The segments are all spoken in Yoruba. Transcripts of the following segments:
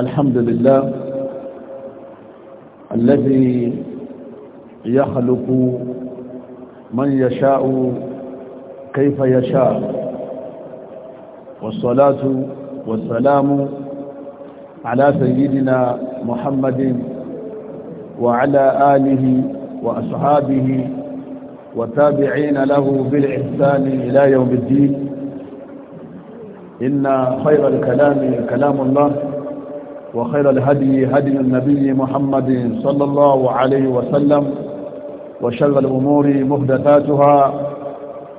الحمد لله الذي يخلق من يشاء كيف يشاء والصلاة والسلام على سيدنا محمد وعلى آله وأصحابه وتابعين له بالإحسان إلى يوم الدين إن خير الكلام كلام الله وخير الهدي هدي النبي محمد صلى الله عليه وسلم وشر الأمور محدثاتها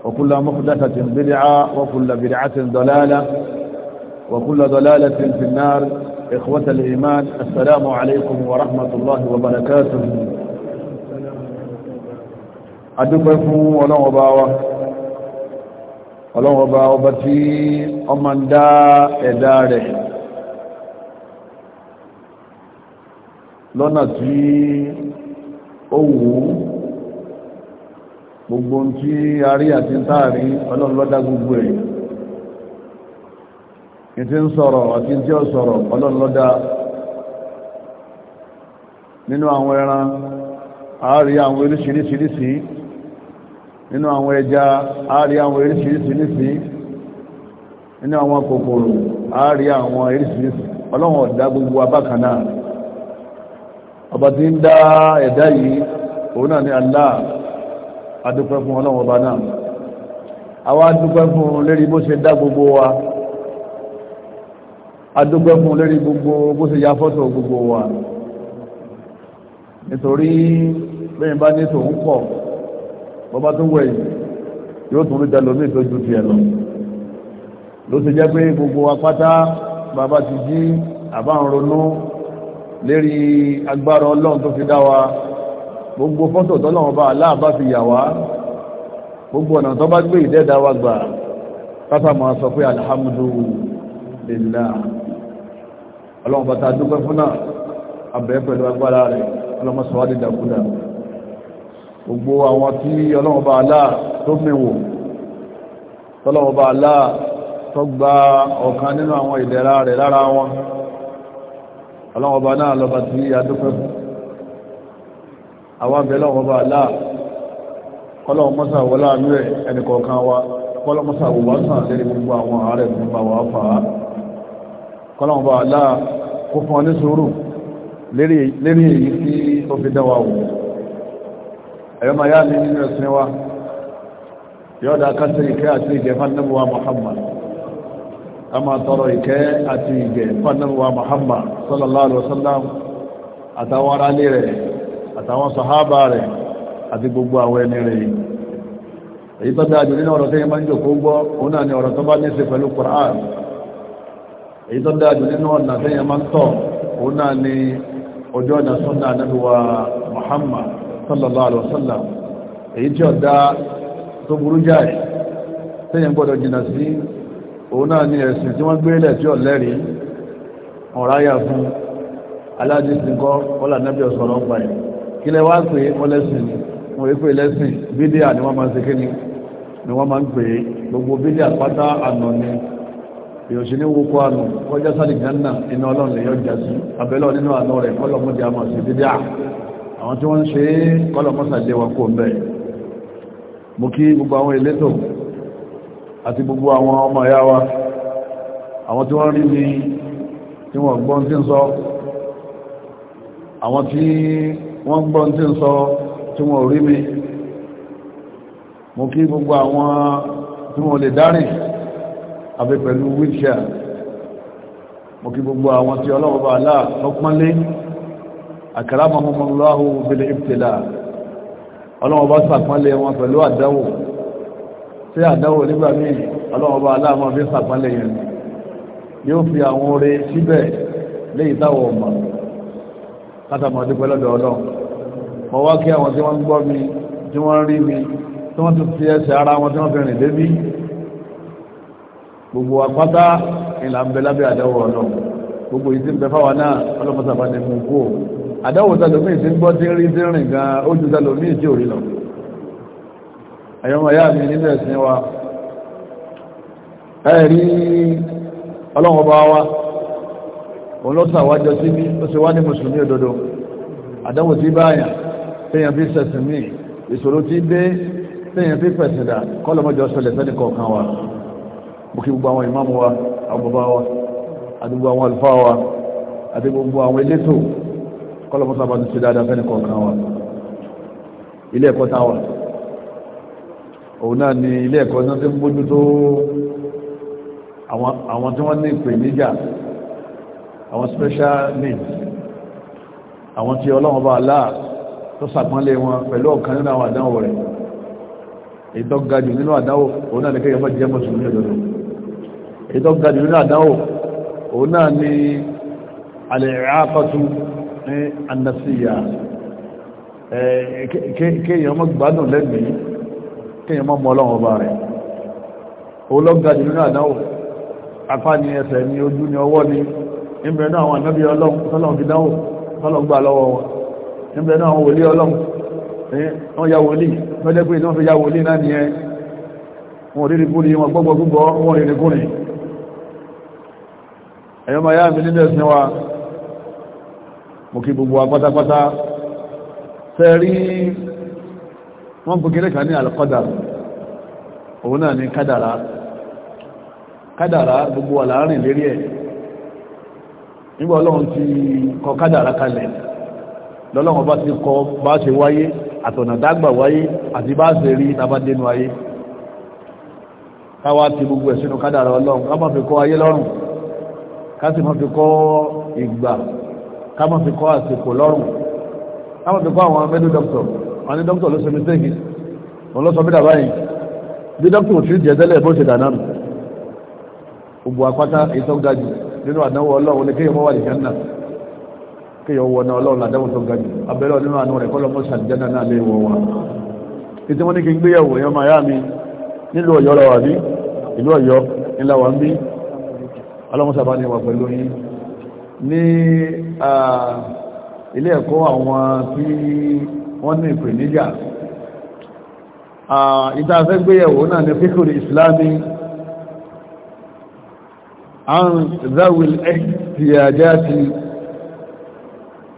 وكل محدثة بدعة وكل بدعة ضلالة وكل ضلالة في النار إخوة الإيمان السلام عليكم ورحمة الله وبركاته أدبكم ولو باوة ولو باوة بتي دا إداره lọ́nà tí ó wù ú gbogbo tí a rí àti táàrí ọlọ́run ló dá gbogbo ẹ̀ ní tí ń sọ̀rọ̀ àti tí ó sọ̀rọ̀ ọlọ́run ló dá nínú àwọn ẹran àárí àwọn oríṣiríṣiríṣi nínú àwọn ẹja àárí àwọn oríṣiríṣiríṣi nínú àwọn kòkòrò àárí àwọn oríṣiríṣi ọlọ́run ó gbogbo abákan ọba tí ń dá ẹ̀dá yìí òun náà ni Allah adúpẹ́ fún ọlọ́run ọba náà àwa adúpẹ́ fún lérí bó ṣe dá gbogbo wa adúpẹ́ fún lérí gbogbo bó ṣe ya fọ́tò gbogbo wa nítorí bẹ́yìn bá ní tòun pọ̀ bọ́bá tó wẹ̀ yóò tún rí tẹlomi tó ju tiẹ̀ lọ ló ṣe jẹ́ pé gbogbo apáta bàbá ti jí àbá ń ronú lérí agbára ọlọ́run tó fi dá wa gbogbo fọ́tò tọ́lọ́run bá aláàbá fi yà wá gbogbo ọ̀nà tó bá gbé ìdẹ́dà wa gbà pátá máa sọ pé alhamdulillah ọlọ́run bá ta dúpẹ́ fún náà abẹ́ pẹ̀lú agbára rẹ̀ ọlọ́mọsọ̀wádìí dàkúdà gbogbo àwọn ọlọ́run ọba náà lọ́ba tí adúpẹ́ fún àwọn abẹ́lẹ́ ọba aláà kọ́lọ́run mọ́sà wọlé àánú ẹ̀ ẹnìkọ̀ọ̀kan wa kọ́lọ́run mọ́sà wọlé sàn lẹ́ni gbogbo àwọn ààrẹ gbogbo àwọn afá kọ́lọ́run ọba aláà kó fún ọ ní sùúrù lérí èyí tí ó fi dá wa wò a máa tọrọ ìkẹ́ àti ìgẹ̀ fánàlùwà Muhammad sallallahu alaihi wasallam àtàwọn aráalé rẹ̀ àtàwọn sàhábà rẹ̀ àti gbogbo àwọn ẹni rẹ̀ èyí tó dáa jù nínú ọ̀rọ̀ tó yẹ máa ń jòkó gbọ́ òun náà ni ọ̀rọ̀ tó bá ní ṣe pẹ̀lú Qur'an èyí tó dáa jù ọ̀nà tó yẹ máa ń tọ̀ òun náà ni ojú ọ̀nà sunna nàbíwá Muhammad sallallahu alaihi èyí tí ọ̀dá tó burú jáì tó yẹ gbọ́dọ̀ jìnà sí òun náà ni ẹ̀sìn tí wọ́n gbé ilẹ̀ tí ọ̀lẹ́rí ọ̀ráyà fún aládìsínkọ́ ọlà nẹ́bí ọ̀sọ̀rọ̀ ọ̀pá ẹ̀ kí lẹ wá pé wọ́n lẹ́sìn wọ́n wípé lẹ́sìn bídíà ni wọ́n máa ṣe kí ni ni wọ́n máa ń pè é gbogbo bídíà pátá àná ni èyàn sí ní wókó àná kọjá sáàdì jẹ́nà iná ọlọ́run lè yọjà sí abẹ́lọ́ nínú àná rẹ̀ kọ́lọ̀mọ́dé àmọ̀ sí àti gbogbo àwọn ọmọ ìyá wa àwọn tí wọ́n rí ní tí wọ́n gbọ́n tí ń sọ àwọn tí wọ́n gbọ́n tí ń sọ tí wọ́n rí mi mo kí gbogbo àwọn tí wọ́n lè dárìn àbí pẹ̀lú wíṣẹ́ mo kí gbogbo àwọn tí ọlọ́wọ́ bá lọ́pọ́nlé àkàrà mọ́mọ́mọ́ lọ́wọ́ bẹ̀rẹ̀ ìpìlà sàpọ́nlé wọn pẹ̀lú àdáwò sí àdáwò nígbà míì ọlọ́mọba aláàmọ́ fi sàpálẹ̀ yẹn yóò fi àwọn oore síbẹ̀ léyìí táwọn ọmọ látàmọ́dé pẹ́lọ́dọ̀ ọlọ́run mọ̀ wá kí àwọn tí wọ́n ń gbọ́ mi tí wọ́n ń rí mi tí wọ́n ti fi ẹsẹ̀ ara wọn tí wọ́n fi rìn débí gbogbo àpáta ìlà ń bẹ lábẹ́ àdáwò ọlọ́run gbogbo yìí ti ń bẹ fáwọn náà ọlọ́mọ sàbá ni mo kú o àdáwò sàlómìn ti ń gbọ́ tí ń rí tí ń rìn gan-an ó ju sàlómìn tí ò rí ẹ̀yọ́mà yá mi nínú ẹ̀sìn wa ẹ̀rí ọlọ́run bá wá òun ló sàwájọ sí ní ó sì wá ní mùsùlùmí òdodo àdánwò tí báyà téèyàn fi sẹ̀sìn mí ìṣòro tí dé téèyàn fi pẹ̀sìdà kọ́lọ́mọjọ sọlẹ̀ sẹ́ni kọ̀ọ̀kan wa mo kí gbogbo àwọn ìmáàmù wa àwọn wa àti àwọn àlùfáà wa àti gbogbo àwọn elétò kọ́lọ́mọsọ àbájú sí dáadáa sẹ́ni kọ̀ọ̀kan wa ilé ẹ̀kọ́ táwa òun náà ni ilé ẹ̀kọ́ náà ti ń bójú tó àwọn tí wọ́n ní ìpèníjà àwọn special needs àwọn tí ọlọ́run bá aláà tó sàpọ́nlé wọn pẹ̀lú ọ̀kan nínú àwọn àdánwò rẹ̀ èyí tó ga jù nínú àdánwò òun náà ni kéèyàn fẹ́ jẹ́ kéèyàn mọ́ gbádùn lẹ́gbẹ̀ẹ́ kíyàn mọ́ mọ́lọ́wọ́ bá rẹ̀ ológa jù nínú àdáwò apá ni ẹsẹ̀ ni ojú ni ọwọ́ ni ìbẹ̀rẹ̀ náà àwọn ànábí ọlọ́run tọ́lọ̀n fi dáwò tọ́lọ̀n gbà lọ́wọ́ wọn ìbẹ̀rẹ̀ náà àwọn wòlí ọlọ́run eh, wọ́n ya wòlí lọ́jẹ́ pé wọ́n fi wọ́n bú kílẹ̀ kan ní alkọ́dàrà òun náà ní kádàrá kádàrá gbogbo wà láàrin lérí ẹ̀ nígbà ọlọ́run ti kọ kádàrá kalẹ̀ lọ́lọ́run bá ti kọ bá ṣe wáyé àtọ̀nàdágbà wáyé àti bá ṣe rí tàbádénú ayé káwá ti gbogbo ẹ̀ sínú kádàrá ọlọ́run ká má fi kọ ayé lọ́rùn ká sì má fi kọ ìgbà ká má fi wọ́n ní dókítà ló ṣe mistake wọ́n lọ sọ bí dàbá yìí bí dókítà ò sí jẹ tẹ́lẹ̀ bó ṣe dànà gbogbo apáta ìtọ́ gajù nínú àdánwò ọlọ́run ní kéèyàn wà nìkan náà kéèyàn wọ náà ọlọ́run àdánwò tó gajù abẹ́rẹ́ nínú àánú rẹ̀ kọ́lọ́ mọ́ṣà jẹ́nà náà lè wọ̀ wá títí wọ́n ní kí n gbéyàwó èèyàn máa yá mi nílùú ọ̀yọ́ lọ wà bí ìlú ọ̀yọ́ ńlá wà ń bí ọlọ́mọ́sàbá ni wà pẹ̀lú yín ní ilé ẹ̀kọ́ àwọn tí wọ́n ní ìpèníjà ìtafẹ́ gbéyẹ̀wò náà ni fíkùn ìsìlámi an zawil ihtiyajati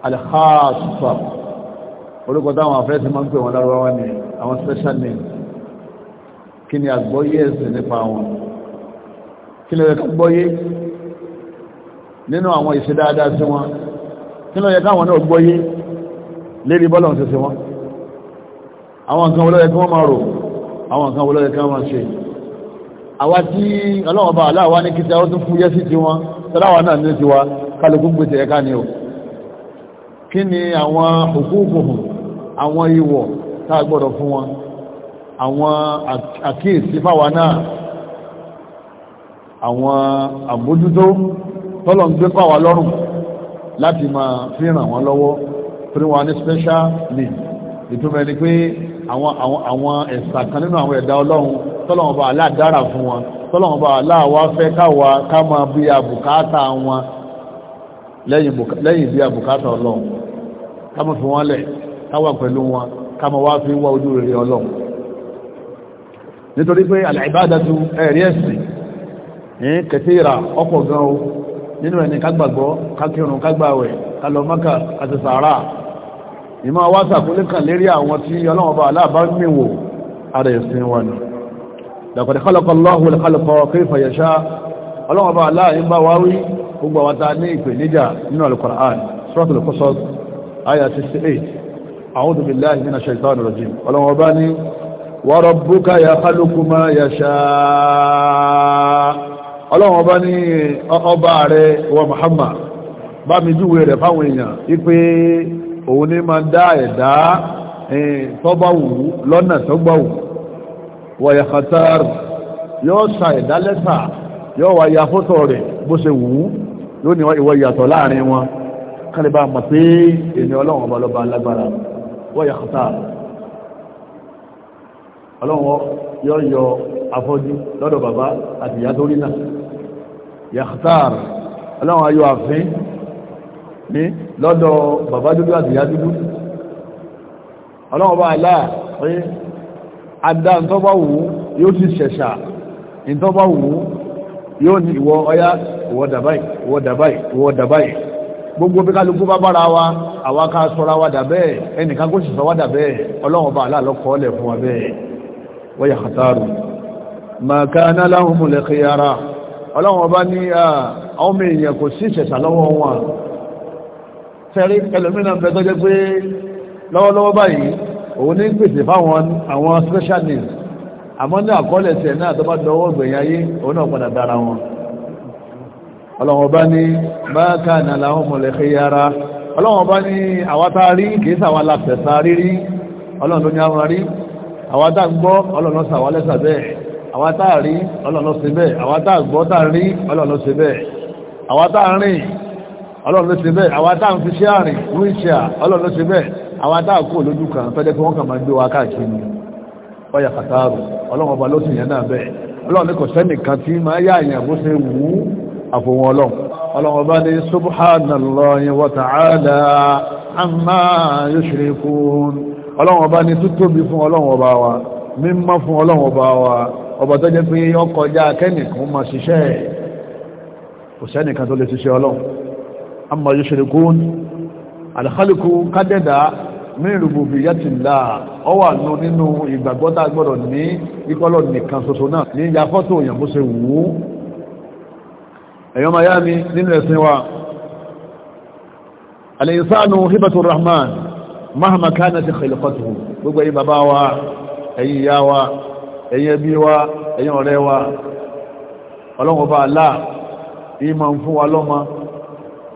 al-khassa orúkọ táwọn afẹ́ ti máa ń pè wọn lárúwáwá ní àwọn special name kí ni àgbọ́yé ẹ̀sìn nípa wọn kí ló yẹ ká gbọ́yé nínú àwọn ìṣẹ́dáadáa sí wọn kí ló yẹ káwọn náà gbọ́yé lérí bọ́lá ń sẹsẹ wọn àwọn nǹkan olóyẹ kí wọ́n máa rò àwọn nǹkan olóyẹ kí wọ́n máa ṣe àwa tí ọlọ́wọ́n bá aláwa ní kíta ó tún fún yẹ́sí ti wọn tọ́láwà náà ní ti wa kálukú gbèsè ẹ̀ká ni o kí ni àwọn òkúùkùn àwọn ìwọ̀ tá a gbọ́dọ̀ fún wọn àwọn àkíyèsí fáwa náà àwọn àbójútó tọ́lọ̀ ń gbé fáwa lọ́rùn láti máa fi ràn wọ́n lọ́wọ́ torí wọn ní special need ìtumọ̀ ẹni pé àwọn àwọn àwọn ẹ̀sà kan nínú àwọn ẹ̀dá ọlọ́run tọ́lọ́wọ́n bá aláàdára fún wọn tọ́lọ́wọ́n bá aláàwá fẹ́ káwa ká máa bí abùkátà wọn lẹ́yìn bí abùkátà ọlọ́run ká máa fi wọ́n lẹ̀ káwà pẹ̀lú wọn ká máa wá fi wá ojú rere ọlọ́run nítorí pé àlàìbádàtú ẹ̀rí ẹ̀sìn ní kẹtíra ọ̀pọ̀ gan o nínú ẹni kágbàgbọ́ kákírun kágbàwẹ̀ kálọ Mákà àti sàárà ìmọ̀ wá sàkúlé kan lérí àwọn tí ọlọ́wọ́ bá aláàbá níwò ara ẹ̀sìn wọn ni laqad khalaqa Allahu al-khalqa kayfa yasha ọlọ́wọ́ bá aláàrin bá wáwí gbogbo àwátá ní ìpèníjà nínú al-Qur'an suratul Qasas aya 68 a'udhu billahi minash shaitanir bá mi júwe rẹ̀ fáwọn èèyàn ipé òun ní ma dá ẹ̀dá tọ́báwù lọ́nà tọ́gbáwù wọ̀yà kàtàrù yóò sa ẹ̀dá lẹ́sà yóò wá ya fótó rẹ̀ bó ṣe wù ú yóò ní ìwọ ìyàtọ̀ láàrin wọn kálíbà mọ̀ pé èmi ọlọ́run ọba lọ́ba alágbára wọ̀yà kàtàrù ọlọ́run yóò yọ afọ́jú lọ́dọ̀ bàbá àti ìyá tó rí náà yàtàrù ọlọ́run ayọ̀ àfin ní lọ́dọ̀ bàbá dúdú àtìyá dúdú ọlọ́wọ́ bá aláà pé adá ntọ́bá wù ú yóò ti ṣẹ̀ṣà ntọ́bá wù ú yóò ní ìwọ ọya ìwọ dàbáì ìwọ dàbáì ìwọ dàbáì gbogbo bí kálukú bá bára wa àwa ká sọra wa dàbẹ́ ẹnìkan kó sì sọ wa dàbẹ́ ọlọ́wọ́ bá aláà lọ́kọ́ ọlẹ̀ fún wa bẹ́ẹ̀ lọ́wọ́ wọn sẹ́rí ẹlòmínà bẹ́ẹ̀ tọ́jẹ́ pé lọ́wọ́lọ́wọ́ báyìí òun ní pèsè fáwọn àwọn special needs àmọ́ ní àkọọ́lẹ̀ tẹ̀ náà tó bá dọwọ́ gbẹ̀yìn ayé òun náà padà dára wọn ọlọ́wọ́n bá ní báyàká ní aláwọ̀ mọ̀lẹ́kẹ́ yára ọlọ́wọ́n bá ní àwátárí kìí sàwọn aláfẹ̀sà rírí ọlọ́run ọlọ́run ló ṣe bẹ́ẹ̀ àwọn táà ń fi ṣe àrìn wíṣíà ọlọ́run ló ṣe bẹ́ẹ̀ àwọn táà kò lójú kan fẹ́lẹ́ fún wọn kàn máa gbé wa káàkiri ọyà kàtàrù ọlọ́run ọba ló sì yẹn náà bẹ́ẹ̀ ọlọ́run ní kò sẹ́nìkan tí máa yá àyàn bó ṣe wù ú àfòwọn ọlọ́run ọlọ́run ọba ní subhanallahi wa ta'ala amma yushrikun ọlọ́run ọba ní tútóbi fún ọlọ́run ọba wa mímọ́ fún ọlọ́run ọba wa ọba tó jẹ́ pé ọkọjá kẹ́nìkan máa ṣiṣẹ́ kò sẹ́nìkan tó lè ṣiṣẹ́ ọlọ́run amma yushrikun al-khalqu kádẹ́dà min rububiyatillah ọ wà nù nínú ìgbàgbọ́ tá a gbọ́dọ̀ ní ìkọlọ̀ nìkan ṣoṣo náà ní ìyá fọ́tò èèyàn bó ṣe wù ú ẹ̀yọ́ miami nínú ẹ̀sìn wa al hibatu rahman mahama kanat khilqatuhu gbogbo ẹ̀yin bàbá wa ẹ̀yin ìyá wa ẹ̀yin ẹbí wa ẹ̀yin ọ̀rẹ́ wa ọlọ́wọ́ bá aláà ìmọ̀ fún wa lọ́mọ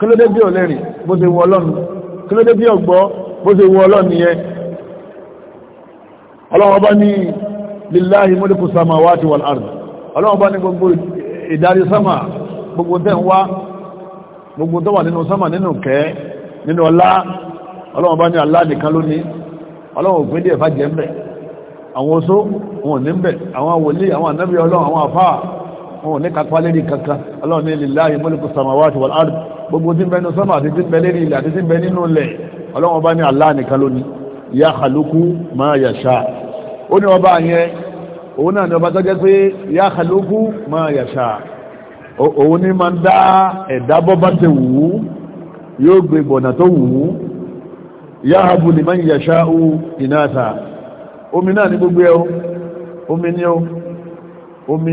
kí ló dé bí ọlẹ́rìn bó ṣe wọ ọlọ́nu kí bí ọgbọ́ bó ṣe wọ bá ní lillahi wal ard ọlọ́wọ́ ọba ní gbogbo ìdarí sama gbogbo tẹ́ ń gbogbo nínú sama nínú kẹ́ nínú ọlá ọlọ́wọ́ ọba ní Allah nìkan ní òfin wọn ò ní kápá lérí kankan ọlọ́run ní lillahi mulku samawati wal ard gbogbo tí ń bẹ nínú sọ́mà àti tí ń bẹ lérí ilẹ̀ àti tí ń bẹ nínú ilẹ̀ ọlọ́run ọba ní Allah nìkan lónìí yakhluqu ma yasha ó ní ọba yẹn òun náà ní ọba tó jẹ́ pé yakhluqu ma yasha òun ní máa ń dá ẹ̀dá bọ́ bá ti wù ú yóò gbé bọ̀nà tó wù ú yahabu liman yasha'u inatha omi náà ní gbogbo ẹ omi ní omi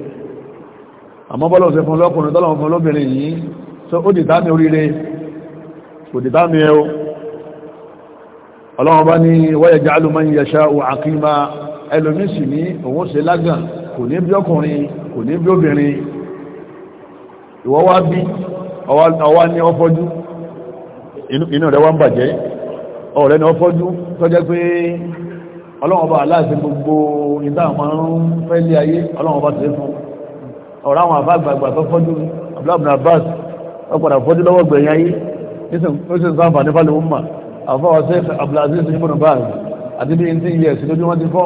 àmọ́ bọ́lọ̀ ṣe fún lọ́kùnrin tọ́lọ̀ fún lóbìnrin yìí tó ó dìtà ní oríire kò dìtà ní ẹ o ọlọ́wọ́n bá ní wọ́yẹ̀ jẹ́ alùmọ́ ìyẹ̀ṣà àkíma ẹlòmísì ní òun ṣe lágàn kò ní bí ọkùnrin kò ní bí obìnrin ìwọ wá bí ọwá ní ọfọ́jú inú rẹ̀ wá ń bàjẹ́ ọ̀rẹ́ ní ọfọ́jú tó jẹ́ pé ọlọ́wọ́n bá aláàṣẹ gbogbo ìdáàmọ́ fẹ́ lé ayé ọlọ́wọ́n bá tẹ́ fún ọ̀rọ̀ àwọn àbágbàgbà tó fọ́jú abúlábùnà bas ọpàdà fọ́jú lọ́wọ́ gbẹ̀yìn ayé nísìn sáǹfà ní fàlẹ̀ umma àfọwọ́ sí abdulaziz ibùn baz àti bí n tí yẹ sí lójú wọn ti fọ́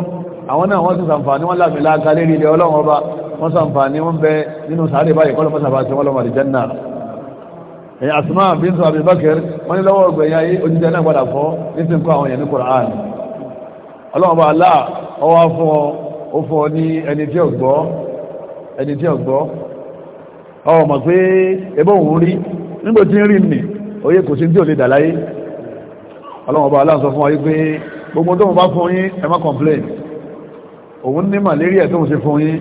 àwọn náà wọ́n ti sàǹfà ní wọ́n láàmì láàga lérí ilẹ̀ ọlọ́run ọba wọ́n sàǹfà ní wọ́n bẹ nínú sàárè báyìí kọ́lọ́ mọ́sàbà sí wọ́n lọ́mọ àdìjẹ́nà ẹ̀yìn asma bíntu abubakar wọ́n ní aláà ọwọ́ fún ọ ní ẹni tí ó gbọ́ ẹni tí ọ̀gbọ́ ọmọ pé ẹbọ́ òun rí nígbò tí ń rí nì oyé kò sí tí ò lè dà láyé ọlọ́wọ́n bá aláàsọ fún wáyé pé gbogbo tó bá fún yín ẹ complain òun ní màlérí ẹ̀ tó ń ṣe fún yín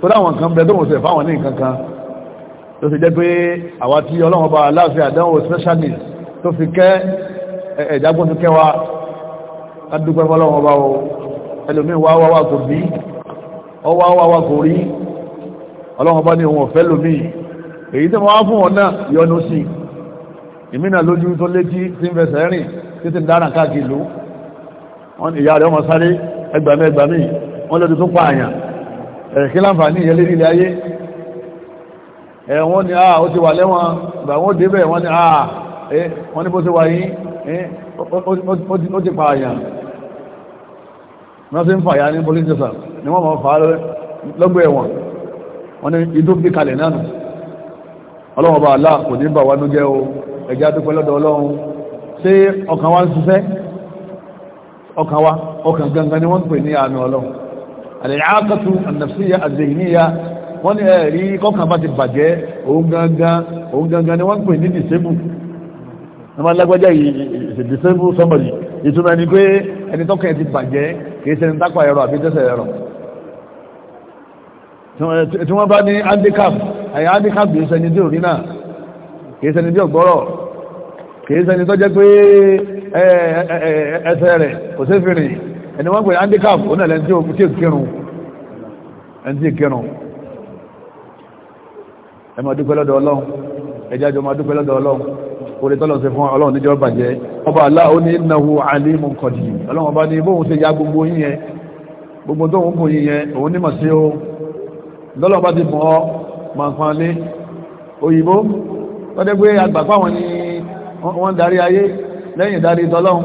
tó dáwọn kan bẹ tó ń ṣe fáwọn ní nǹkan kan tó sì jẹ́ pé àwa tí ọlọ́wọ́n bá aláàfẹ́ àdánwò specialist tó fi kẹ́ ẹ̀ẹ́dàgbọ́n fi kẹ́ wa ká dúpẹ́ fọ́lọ́wọ́n bá o ẹlòmíín wá wá wá kò bí ọwá wá wá kò rí ọlọ́run bá ní ohun ọ̀fẹ́ lómi èyí tí wọ́n á fún ọ̀nà yọnu sí ìmínà lójú tó létí tí ń fẹsẹ̀ rìn tí ti ń dára káàkiri ìlú wọ́n ìyá rẹ̀ ọmọ sáré ẹgbàmí ẹgbàmí wọ́n lọ́dún tó pa àyàn ẹ̀kí láǹfààní ìyẹlé nílé ayé ẹ̀wọ́n ni àà ó ti wà lẹ́wọ̀n ìgbà wọ́n débẹ̀ wọ́n ni àà wọ́n ní bó ti wà yí ó ti pa àyàn wọ́n ti ń fàyà ní police station ni wọ́n mọ̀ fà lọ́gbẹ̀ ẹ̀wọ̀n wọ́n ní idó gbé kalẹ̀ náà nù ọlọ́wọ́ bá aláà kò ní bà wá nújẹ́ o ẹjá tó pẹ́ lọ́dọ̀ ọlọ́run ṣé ọkàn wa ń ṣiṣẹ́ ọkàn wa ọkàn gangan ni wọ́n pè ní àánú ọlọ́run àlẹ́yàákàtù ànàfíyà àzẹ̀yìníyà wọ́n ní ẹ̀rí kọ́kàn bá ti bàjẹ́ òun gangan òun gangan ni wọ́n pè ní dìsébù ọmọ alágbájá ìṣèdìsébù sọ́mọ̀lì ìtumọ̀ ẹni pé ẹni tọ́kàn ti bàjẹ́ kìí ṣe ní tápà ẹ̀rọ àbí tẹ́sẹ̀ ẹ̀rọ tí wọ́n bá ní handicap àyà handicap kìí ṣẹni tí ò rí náà kìí ṣẹni tí ò gbọ́rọ̀ kìí ṣẹni tó jẹ́ pé ẹsẹ̀ rẹ̀ kò sí fi rìn ẹni wọ́n pè handicap ó nàlẹ́ tí ò kírun ẹni tí kírun ẹ máa dúpẹ́ lọ́dọ̀ ọlọ́run ẹjá jọ máa dúpẹ́ lọ́dọ̀ ọlọ́run orí tọ́lọ̀ sí fún ọlọ́run níjọ́ bàjẹ́ ọba aláà ó ní ìnáwó alímù kọ̀dì ọlọ́run ọba ní bóhun ṣe ya gbogbo yíyẹn gbogbo tóhun kò yíyẹn òun nímọ̀ sí ó lọ́lọ́ bá ti mọ̀ ọ́ mọ̀ǹkan lé òyìnbó tọ́jẹ́ pé àgbàpá wọn ni wọ́n darí ayé lẹ́yìn darí tọ́lọ́hun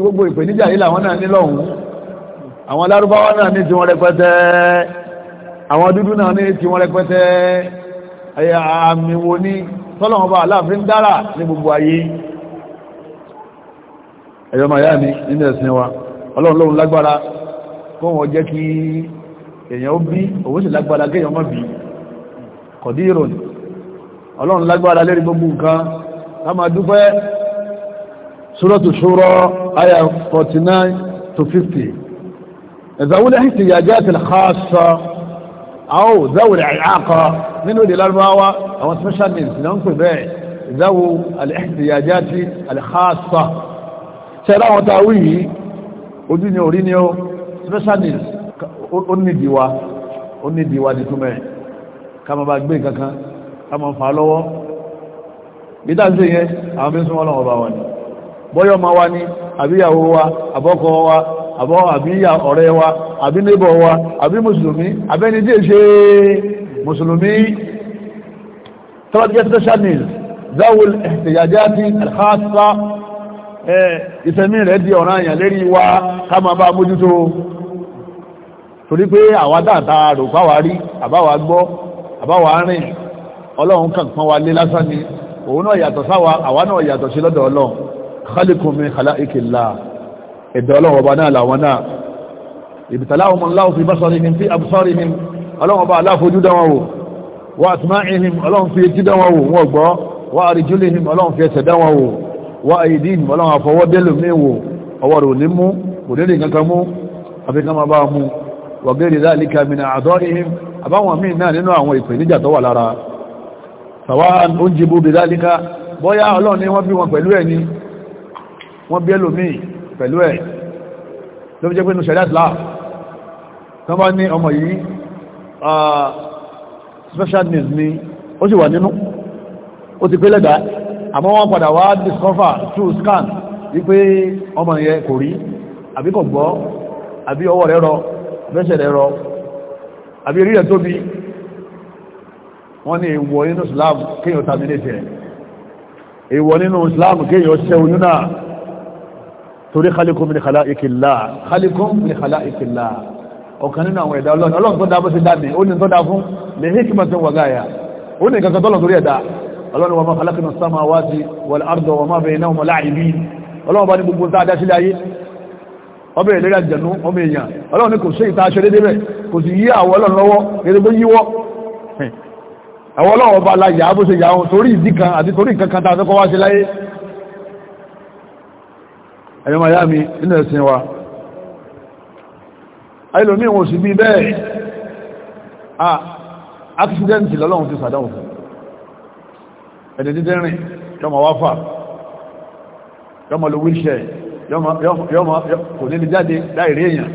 gbogbo ìpèníjà yìí làwọn náà ní lọ́hùn àwọn lárúbáwá náà ní tiwọn rẹpẹtẹ àwọn dúdú náà ní tiwọn rẹpẹtẹ àmì wo ni tọ́lọ́hun bá aláàfin dára ní gbogbo ayé ẹ̀yọ́ màyá mi nínú ẹ̀sìn wa ọlọ́run lóhun lágbára kó wọn jẹ́ kí èèyàn ó bí òun sì lágbára kéèyàn mọ́ bí kọ̀dí ìròyìn ọlọ́run lágbára lérí gbogbo nǹkan a máa dúpẹ́ Suratu Shura àyà 49 to 50 ẹ̀zàwúlẹ̀ ihtiyajat al-khassa àwọ̀ zawul i'aqa nínú èdè lárúbáwá àwọn special needs náà ń pè bẹ́ẹ̀ ìzáwò al-ihtiyajat al-khassa ṣẹ́ra wọn ta yìí ojú ni orí ni ó special needs ó nídìíwá ó nídìíwá ní túnmẹ̀ ká máa bá gbé kankan ká máa fà á lọ́wọ́ bí dáńsẹ̀ yẹn àwọn fi ń súnmọ́ lọ́wọ́ bá wọn ni bọ́yọ̀ ma wá ní àbíyàwó wa àbọ́kọ wa àbọ́ àbíyà ọ̀rẹ́ wa àbí nébọ̀ wa àbí mùsùlùmí àbẹ́ni díẹ̀ ṣe mùsùlùmí tọ́lọ́dẹ́ torí pé àwa dáadáa rò fáwa rí àbáwa gbọ́ àbáwa rìn ọlọ́run kàn pọ́n wa lé lásán ni òun náà yàtọ̀ sáwa àwa náà yàtọ̀ sí lọ́dọ̀ ọlọ́run khaliqun min khalaiqillah ẹ̀dọ̀ ọlọ́run ọba náà làwọn náà ibtalahum ọlọ́run fi etí dánwò wọn gbọ́ wà ọlọ́run fi ẹsẹ̀ dánwò wà ní mú kò nílì kankan mú àfikàn bá mú wọ̀gẹ́rì láàríkà mìnà àdọ́ ihim àbáwọn míì náà nínú àwọn ìpèníjà tó wà lára sàwọn oúnjẹ bóbi láàríkà bọ́yá ọlọ́ni wọ́n bí wọn pẹ̀lú ẹ̀ ni wọ́n bí ẹlòmíì pẹ̀lú ẹ̀ ló fi jẹ́ pé nùsẹ̀lẹ̀ àtìlá àbí ọwọ́ rẹ̀ rọ bẹ́sẹ̀rẹ̀ rọ àbí orí rẹ̀ tóbi wọ́n ní èèwọ̀ nínú islam kéèyàn terminate rẹ̀ èèwọ̀ nínú islam kéèyàn ṣẹ́ oyún náà torí khalikum min khalaiqillah khalikum min khalaiqillah ọ̀kan nínú àwọn ẹ̀dá ọlọ́run tó dá bó ọbẹ̀ ìlérí àjẹ̀nú ọmọ èèyàn ọlọ́run ni kò sí ìta aṣọ dédé bẹ̀ kò sì yí àwọ̀ ọlọ́run lọ́wọ́ gẹ́gẹ́ bó yíwọ́ àwọn ọlọ́run ọba la yà á bó ṣe yà wọn torí ìdí kan àti torí nǹkan kan tàbí kọ́ wá sí láyé ẹ̀yọ́ máa yá mi nínú ẹ̀sìn wa ayélomi wọn sì bí bẹ́ẹ̀ accident lọ́lọ́run kò ní lè jáde láìrí èèyàn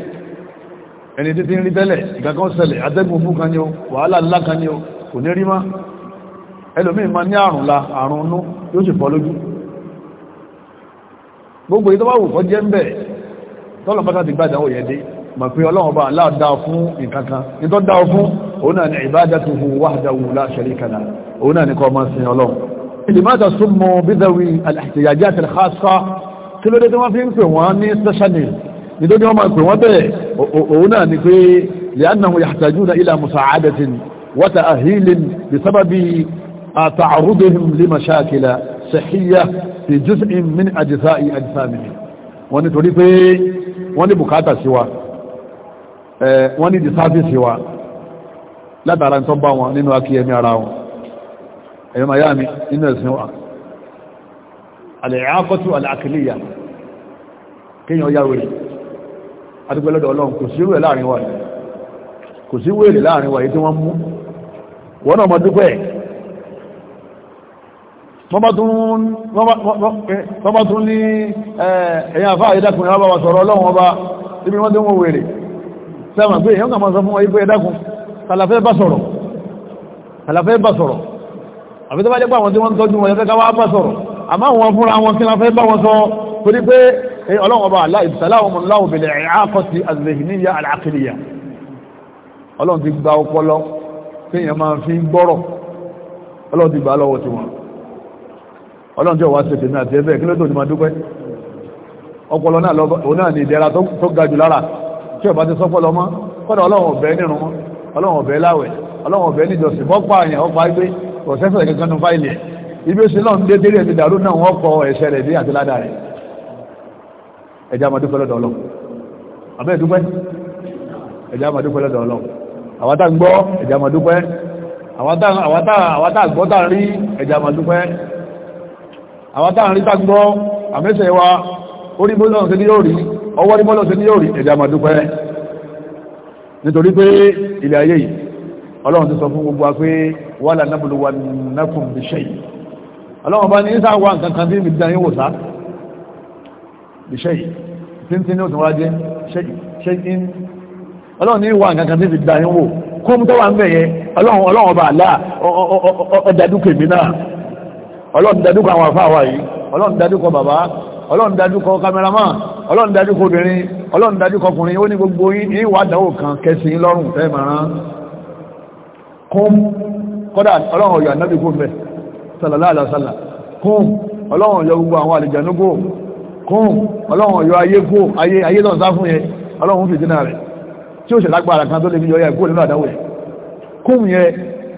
ẹni títí ń rí tẹ́lẹ̀ ìkankan ṣẹlẹ̀ atẹ́gùn fún kan ni ó wàhálà ńlá kan ni ó kò ní rí má ẹlòmíì ma ní àrùn la àrùn nú yóò sì fọ́ lójú gbogbo ìtọ́wà wù kọ́ jẹ́ ń bẹ̀ tọ́lọ̀ pátá ti gbájà ó yẹ dé mà pé ọlọ́run bá kí ló dé tí wọ́n fi ń pè wọ́n ní special needs nítorí wọ́n máa pè wọ́n bẹ́ẹ̀ òun náà ni pé li'annahum yahtajuna ila musa'adatin wa ta'hilin bisababi ta'arrudihim li mashakila sihhiyya fi juz'in min ajza'i ajsamihim wọ́n ní torí pé wọ́n ní bùkátà sí wa wọ́n ní disabi sí wa látara ń tọ́ bá wọn nínú akíyẹmí ara wọn ẹ̀yọ́ miami nínú ẹ̀sìn wa àlẹ̀yàkọ́tù àlàkìlìyà kíyàn yá wèrè adúgbẹ́lọ́dọ̀ ọlọ́run kò sí wèrè láàrin wa kò sí wèrè láàrin wa yìí tí wọ́n mú wọ́n náà mọ́ dúpẹ́ bọ́bá eh, tún ní eh, ẹ̀yàn àfáà ìdákùnrin wọ́n bá wa sọ̀rọ̀ ọlọ́run ọba ibi wọ́n tí wọ́n wèrè sẹ́wọ̀n pé èyàn kà máa sọ fún ọyí pé ẹ̀dákùn kàlàfẹ́ bá sọ̀rọ̀ àbí tó bá jẹ́ pé tí wọ́n tọ́jú wọn yẹ́ fẹ́ ká bá sọ̀rọ̀ àmọ́ àwọn fúnra wọn kí wọ́n fẹ́ bá wọn sọ torí pé ọlọ́run ọba àlá ìbùsàlá ọmọ láwọ̀ bẹ̀rẹ̀ àkọsí àzẹ̀hìníyà àlàkìlìyà ọlọ́run ti gba ọpọlọ téèyàn máa fi ń gbọ́rọ̀ ọlọ́run ti gbà lọ́wọ́ ti wọn ọlọ́run jọ wá ṣe tèmi àti ẹgbẹ́ kí ló tó ti máa dúpẹ́ ọpọlọ náà ní ìdẹ̀ra tó ga jù lára tí ọba ti sọ́pọlọ mọ́ kọ́dọ̀ ọlọ́run ọ̀bẹ nírun mọ́ ọlọ́run ọ̀bẹ láwẹ̀ ọlọ́run ọ̀bẹ níjọsìn bọ́pàá àyàn ọpá gbé kò kankan fáìlì ẹ̀ ibi ó sì náà ń dé délé ẹ̀dí dàrú náà wọ́n kọ ẹ̀ṣẹ̀ rẹ̀ dé àti ládà rẹ̀ ẹ̀já máa dúpẹ́ lọ́dọ̀ ọlọ́run àbẹ́ dúpẹ́ ẹ̀já máa dúpẹ́ lọ́dọ̀ ọlọ́run àwátá gbọ́ ẹ̀já máa dúpẹ́ àwátá gbọ́tà rí ẹ̀já máa àwátá rí tá gbọ́ àmẹ́sẹ̀ wa orí bọ́lọ́run sí ní yóò rí ọwọ́ rí bọ́lọ́run sí ní yóò rí ẹ̀já máa ọlọ́run ti sọ fún gbogbo wa pé wala nabluwannakum bishay'in ọlọ́wọ́n bá ní ní sáà wà nǹkan kan tí ìbìdí ayé wò sá bí ṣe yìí tí ń tí ní òtún wá jẹ́ ṣe in ọlọ́wọ́n ní wà nǹkan kan tí ìbìdí ayé wò kó mú tó wà ń bẹ̀ yẹn ọlọ́wọ́n bá àlá ọdàdúkọ̀ èmi náà ọlọ́wọ́n dàdúkọ̀ àwọn àfáà wa yìí ọlọ́wọ́n dàdúkọ̀ bàbá ọlọ́run dájúkọ kamerama ọlọ́run dájúkọ obìnrin ọlọ́run dájúkọ ọkùnrin ó ní gbogbo ìwà àdáwò kan kẹsìn lọ́rùn fẹ́ mara kún kọ́dà ọlọ́run ọ̀yọ̀ ànábìkú mẹ́ sallallahu alaihi wasallam kún ọlọ́run yọ gbogbo àwọn àlìjànúgbò kún ọlọ́run yọ ayé kó ayé ayé lọ sá fún yẹ ọlọ́run fi dínà rẹ̀ tí ó ṣe lágbára kan tó lè fi yọ yẹ kúrò nínú àdáwẹ̀ kún yẹ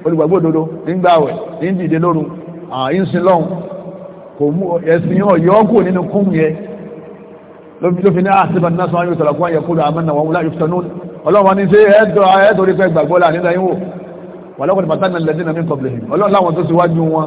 olùgbàgbọ́ òdodo nígbàwẹ̀ ní dìde lóru àìsìn lọ́hun kò mú ẹ̀sìn ọ̀yọ́ kò nínú kún yẹ ló fi ní àṣìbà náà sọ́wọ́n yóò sọ̀rọ̀ kún yẹ kúrò àmọ́ náà wọ́n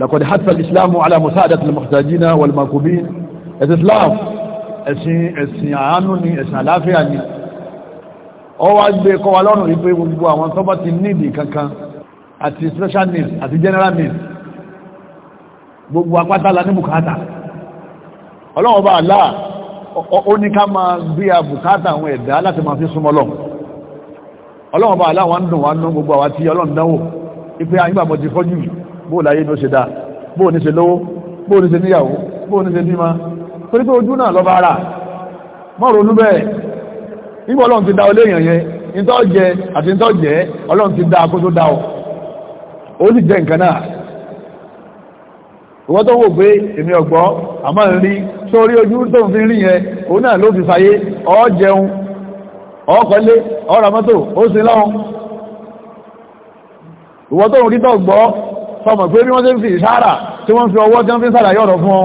لقد حث الإسلام على مساعدة المحتاجين والمكوبين. الإسلام ẹ̀sìn àánú ni ẹ̀sìn àláfíà ni ọ wá gbé kọ́ wa lọ́rùn wípé gbogbo àwọn tó bá ti níìdì kankan àti special needs àti general needs gbogbo apátálà ní bùkátà ọlọ́wọ́ bá aláà ó ní ká máa bí a bùkátà àwọn ẹ̀dá láti máa fi súnmọ́ lọ ọlọ́wọ́ bá aláà wọ́n dùn wọ́n dùn gbogbo àwọn tí ọlọ́ndánwò bóò láyé ní ó ṣe dáa bóò ní ṣe lówó bóò ní ṣe níyàwó bóò ní ṣe torí pé ojú náà lọ́ba ara mọ́rọ̀ olú bẹ́ẹ̀ nígbà ọlọ́run ti da ọ èèyàn yẹn nítọ́ jẹ àti nítọ́ ọlọ́run ti da akótó da ọ ó sì jẹ nǹkan náà ìwọ́n tó wò pé èmi ọ̀gbọ́ àmọ́ ń rí sórí ojú tó ń fi rí yẹn òun náà ló fi fàyé jẹun ó sin sọmọ̀ pé bí wọ́n ti fi ìṣára tí wọ́n fi ọwọ́ tí wọ́n fi sàlàyé ọ̀rọ̀ fún ọ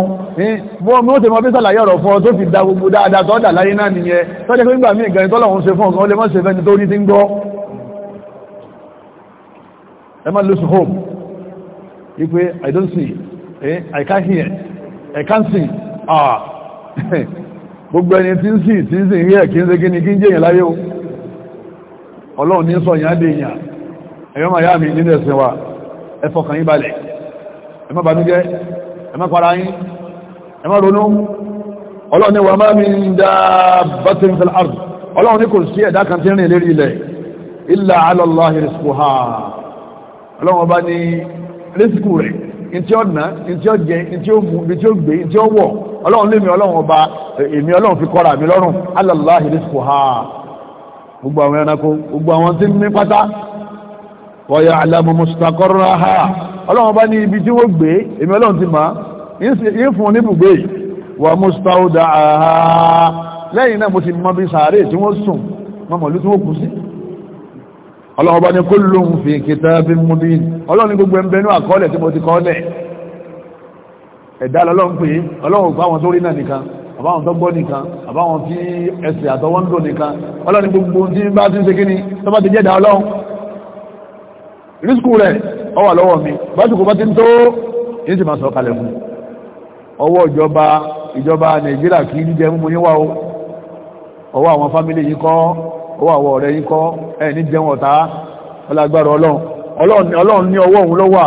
bọ́n mi ó ti mọ́ fi sàlàyé ọ̀rọ̀ fún ọ tó fi da gbogbo dáadáa tọ́jà láyé náà nìyẹn tọ́jà pé nígbà míì gan tọ́lọ̀hún ṣe fún ọ̀kan ó lè mọ́ ṣe fẹ́ni tó rí ti ń gbọ́ ẹ má i don't see eh i can't hear i can't see ah gbogbo ẹni tí ń sì tí ń sì ń rí ẹ̀ kí ń ṣe kí ni kí ń jẹ́ èèyàn láyé o ọlọ́run ní sọ ìyá dé èèyàn ẹ̀yọ́ yá mi nínú ẹ̀sìn wa ẹ fọkàn yín balẹ̀ ẹ má bànújẹ́ ẹ má para yín ẹ má ronú ọlọ́run ni wà máa mi ń dá bátẹ́rin fẹ́lá àrùn ọlọ́run ní kò sí ẹ̀dá kan tí ń rìn lérí ilẹ̀ ilẹ̀ alọ́láhì rìsíkù ha ọlọ́run bá ní rìsíkù rẹ̀ ntí ọ̀nà ntí ọ̀jẹ́ ntí ọ̀mù ntí ọ̀gbẹ́ ntí ọ̀wọ̀ ọlọ́run lèmi wọ́yà alámọ̀mọ́sítàkọ́rọ́ ha ọlọ́run bá ní ibi tí wọ́n gbé èmi ọlọ́run ti máa yí fún oníbùgbé wà mọ́sítàódà ha lẹ́yìn náà mo ti mọ́ bí sàárè tí wọ́n sùn mọ́mọ̀lú tí wọ́n kú sí ọlọ́run bá ní kó lóun fi kitabin mubin ọlọ́run ní gbogbo ẹnbẹ́nú àkọọ́lẹ̀ tí mo ti kọ́ọ́lẹ̀ ẹ̀dá lọ́lọ́run pé ọlọ́run rísíkù rẹ̀ ó wà lọ́wọ́ mi básìkò bá ti ń tó yìí sì máa sọ kalẹ̀ fún ọwọ́ ìjọba ìjọba nàìjíríà kì í jíjẹ múmú yíwá o ọwọ́ àwọn fámílì yìí kọ́ ọwọ́ àwọn ọ̀rẹ́ yìí kọ́ ẹni jẹun ọ̀tá ọlágbára ọlọ́run ní ọwọ́ òun lọ́wọ́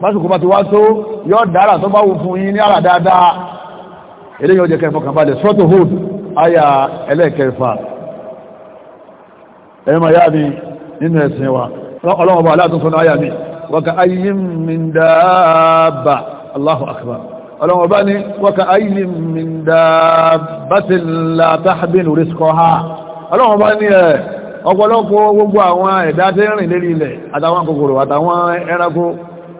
básìkò ọlọ́wọ́ bá aláàtún sọ náà mi waka ayyin min dáàbà Allahu akbar ọlọ́wọ́ bá ní waka ayyin min dáàbatin la tahmilu rizqaha ọlọ́wọ́ bá ní ẹ̀ ọ̀pọ̀lọpọ̀ gbogbo àwọn ẹ̀dá tí ń rìn lérí ilẹ̀ àtàwọn kòkòrò àtàwọn ẹranko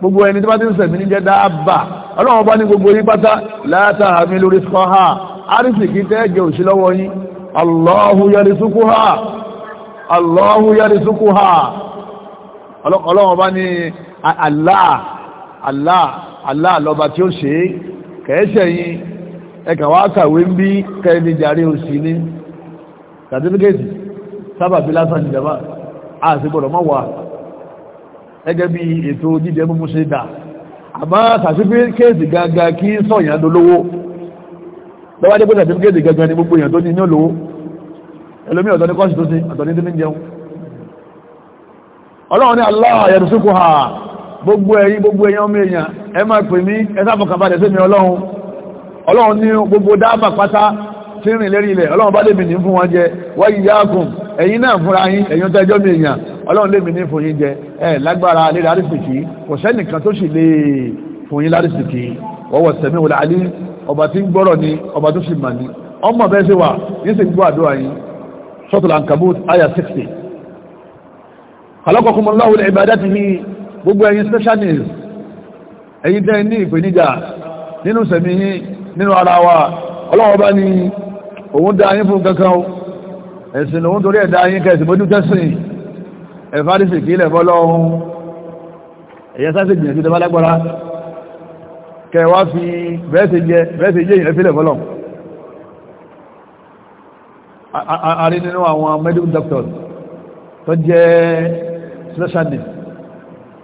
gbogbo ẹni tí bá ti ń sẹ̀mí ní jẹ́ dáàbà ọlọ́wọ́ bá ní gbogbo yí pátá la tahmilu rizqaha arísìkí tẹ́ẹ̀jẹ̀ òṣìlọ́wọ́ yín Allahu yarisukuha Allahu yarisukuha ọlọ́run ọba ní Allah Allah Allah lọ́ba tí ó ṣe kẹ́ẹ́ṣẹ̀ yìí ẹkà wá kàwé ń bí kẹ́ẹ̀ni jàrí òsì ní sàtífíkẹ́tì sábàbí lásán ìjọba àti gbọ́dọ̀ mọ́ wà ẹgẹ́ bí ètò jíjẹ múmú ṣe dà àmá sàtífíkẹ́tì gaga kí sọ̀yàn dolówó gaga ni gbogbo èèyàn tó ní ní olówó ẹlòmí ọ̀tọ̀ ọlọ́run ní aláà yẹ̀dùsúkú ha gbogbo ẹ̀yin gbogbo ẹ̀yin ọmọ èèyàn ẹ máa pè mí ẹsàfọ̀kàbalẹ̀ sí mi ọlọ́run ọlọ́run ní gbogbo dáàbà pátá tí rìn lérí ilẹ̀ ọlọ́run bá lèmì fún wọn jẹ wáyí yáàkùn ẹ̀yin náà fúnra yín ẹ̀yin tẹ́jọ́ mi èèyàn ọlọ́run lèmì fún yín jẹ ẹ lágbára lérí àrísìkí kò sẹ́nìkan tó sì lè fún yín lárísìkí wọ́wọ́ sẹ̀mí wọlé alí ọba tí ń gbọ́rọ̀ ni ọba tó sì mà ní ọmọ bẹ́ẹ̀ sí wà yín sì gbọ́ àdúrà yín sọ́tùlà nkàbút àyà 60 kọlọ́kọ̀kùnmọ́ lọ́wọ́ ìbádá ti ní gbogbo ẹ̀yin special needs ẹ̀yin tẹ́ ní ìpèníjà nínú sẹ̀mí yín nínú ara wa ọlọ́wọ́ bá ní òun dá yín fún kankan ẹ̀sìn òun torí ẹ̀dá yín kẹsì bójú tẹ́sìn ẹ̀fàdísì kí ilẹ̀ fọ́lọ́hun ẹ̀yẹ sáṣẹ́ gbìyànjú tẹ́ bá lágbára kẹwàá fi bẹ́ẹ̀sì jẹ́ ìyẹn fílẹ̀ fọ́lọ́ àrí nínú àwọn medical doctors tó jẹ́ specialist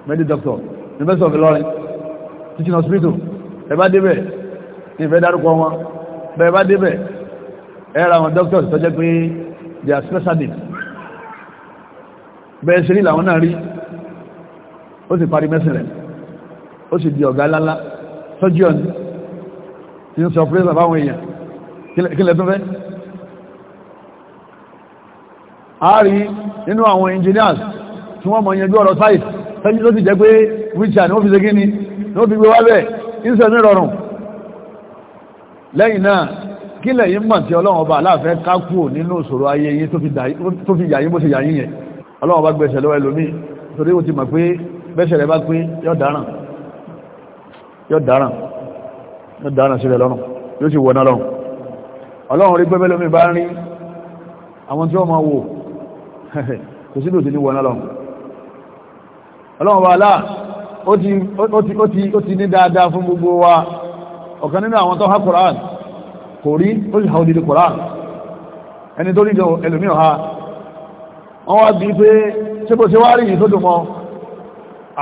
medical doctor university of Ilorin teaching hospital ẹ bá débẹ̀ ní ìfẹ́ dárúkọ wọn bẹ́ẹ̀ bá débẹ̀ ẹ àwọn doctors tó jẹ́ pé they are specialist bẹ́ẹ̀ ṣe rí làwọn náà rí ó sì parí mẹ́sìn rẹ̀ ó sì di ọ̀gá lálá surgeon tí ń sọ pírẹ́sà fáwọn èèyàn kílẹ̀ tó fẹ́ a rí nínú àwọn engineers tí wọ́n mọ̀ yanjú ọ̀rọ̀ sáìt tẹ́jú ló ti jẹ́ pé wíṣà ni ó fi ṣe kí ni ni ó fi gbé wábẹ̀ ìṣẹ́ ní rọrùn lẹ́yìn náà kí lẹ́yìn mọ̀ tí ọlọ́run ọba aláàfẹ́ kákú nínú ìṣòro ayé yìí tó fi yàyí bó ṣe yàyí yẹn ọlọ́run ọba gbẹ̀ṣẹ̀ lọ́wọ́ ẹlòmíì torí ó ti mọ̀ pé bẹ́ṣẹ̀ rẹ̀ bá pín yóò dáràn yóò dáràn yóò dáràn sílẹ̀ lọ́rùn yóò sì wọ̀ná lọ́rùn ọlọ́run àwọn tí wọ́n máa wò kò sí lòdì ní wọ̀ná lọ́rùn ọlọ́run wa aláà ó ti ní dáadáa fún gbogbo wa ọ̀kan nínú àwọn tó ha koran kò rí ó sì ha odidi koran ẹni tó rígan ẹlòmí ọ̀ha wọ́n wá bí pé ṣe bó ṣe wá rí ìtó dùnmọ́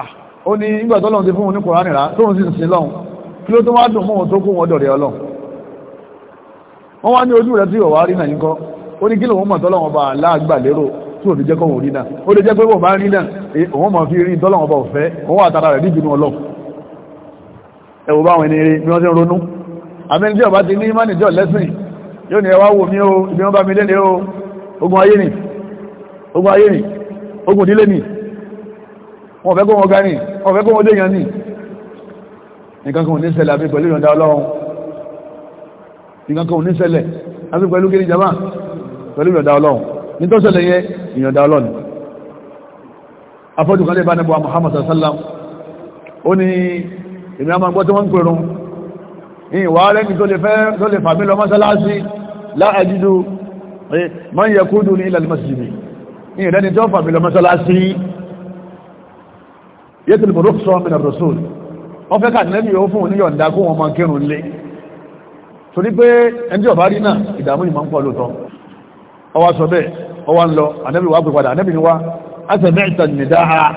ah, ó ní ìgbà tó lọ́n ti fún un ní koran nìra tó ń sì sí lọ́hun kí ló tó wá dùn mọ́ tó kún wọn dọ̀rẹ́ ọlọ́run wọ́n wá ní ojú rẹ̀ tí ìwọ̀ wá rí nàyíkọ́ tí ò ní jẹ́ kọ́wọ́ rí náà ó lè jẹ́ pé wọ́n bá rí náà òun e, máa fi rí tọ́lọ́wọ́n bá òfẹ́ wọ́n wà tara rẹ̀ ní ìbínú ọlọ́ ẹ̀wọ̀ báwọn ẹni rí bí wọ́n ti ń ronú àmì tí ọba ti ní ìmánì jọ lẹ́sìn yóò ní ẹwà wò mí o ibi wọ́n bá mi lẹ́ni o ogun ayé nì ogun ayé nì ogun ìdílé nì wọ́n fẹ́ kó wọn ga nì wọ́n fẹ́ kó wọn déyàn nì nǹkan kan ò ní ṣẹlẹ̀ àfi pẹ̀lú ìyọ̀ǹda ọlọ́run nǹkan kan ò ní ṣẹlẹ̀ àfi pẹ̀lú kí ni jama pẹ̀lú ìyọ̀ǹda ọlọ́run ní tó ṣẹlẹ̀ yẹ ìyọ̀nda ọlọ́ni afọ́jú kan lè bá nẹ́bọ̀ Muhammad sallam ó ní èmi a máa gbọ́ tí wọ́n ń pèrún ìwà rẹ̀mí tó lè fàmí lọ mọ́sálásí láàájídú e, mọ́ yẹ kúrò ní ilẹ̀ masjidi ìrẹni tó fàmí lọ mọ́sálásí yẹ́ tí lè bọ̀rọ̀ sọ mìnà rasul wọ́n fẹ́ kàtí lẹ́mí ó fún oníyọ̀nda kó wọn sọ bẹ́ẹ̀ ọwá ń lọ ànábì wà pè padà ànábì ni wá asẹ̀mẹ́ ìtànì dáa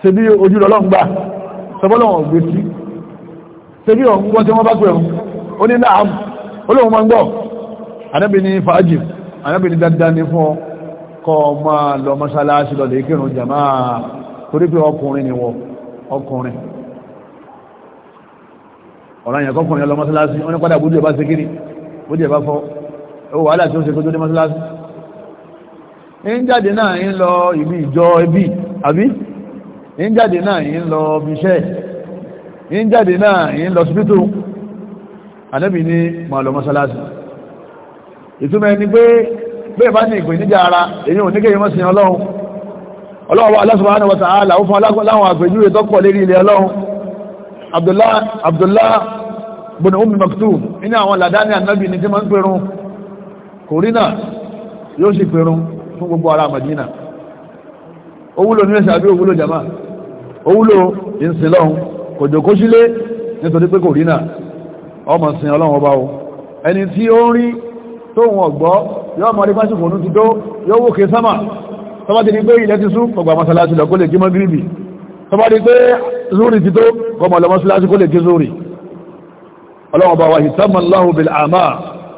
ṣe bí ojú lọ́lọ́gbà sọbọ́lọ́wọ̀n gbé sí ṣe bí ọ̀hún wọ́n tí wọ́n bá pè ọ̀hún ó ní náà olóhun ma ń gbọ́ ànábì ni fàájì ànábì ni dandan ni fún kọ́ ma lọ mọ́ṣáláṣí lọ lè kírun jàmáà torí pé ọkùnrin ni wọ ọkùnrin ọ̀rọ̀ yẹn kọkùnrin lọ mọ́ṣáláṣí wọ́n ní padà bójú ẹ̀ bá ṣe kiri bójú ẹ̀ bá fọ́ ẹwọ́ wàhálà tí ó ṣe kójú ń jáde náà ń lọ ibi ìjọ ẹbí àbí ń jáde náà ń lọ bíṣẹ́ ń jáde náà ń lọ síbítù ànábì ní ma lọ mọ́sálásì ìtumọ̀ ẹni pé bẹ́ẹ̀ bá ní ìpèníjà ara èyí ò ní ọlọ́run ọlọ́run Allah wa ta'ala ó fún aláwọn àpèjúwe tó pọ̀ lérí ilẹ̀ Abdullah Abdullah bin Umm Maktum inú àwọn làdáni ànábì ní tí ma ń yóò sì pèrún fún gbogbo ara Madina owúlò ní ẹ̀sẹ̀ owúlò jama owúlò ìsìnlọ́hun kò jò kó sílé nítorí pé kò rí náà ọmọ sin ọlọ́run ọba o ẹni tí ó ń rí tóhun ọ̀gbọ́ yóò mọ̀ rí pásìkò ní ti tó yóò wó ké sámà tọ́bá ti ní pé ilẹ̀ ti sún kọgbà mọ́sálásí lọ kó lè gímọ́ gíríbì tọ́bá ti pé zúrì ti tó kọmọ̀ lọ mọ́sálásí kó lè gí zúrì ọlọ́run ọba wa hìtàmọ́láhùn bil àmà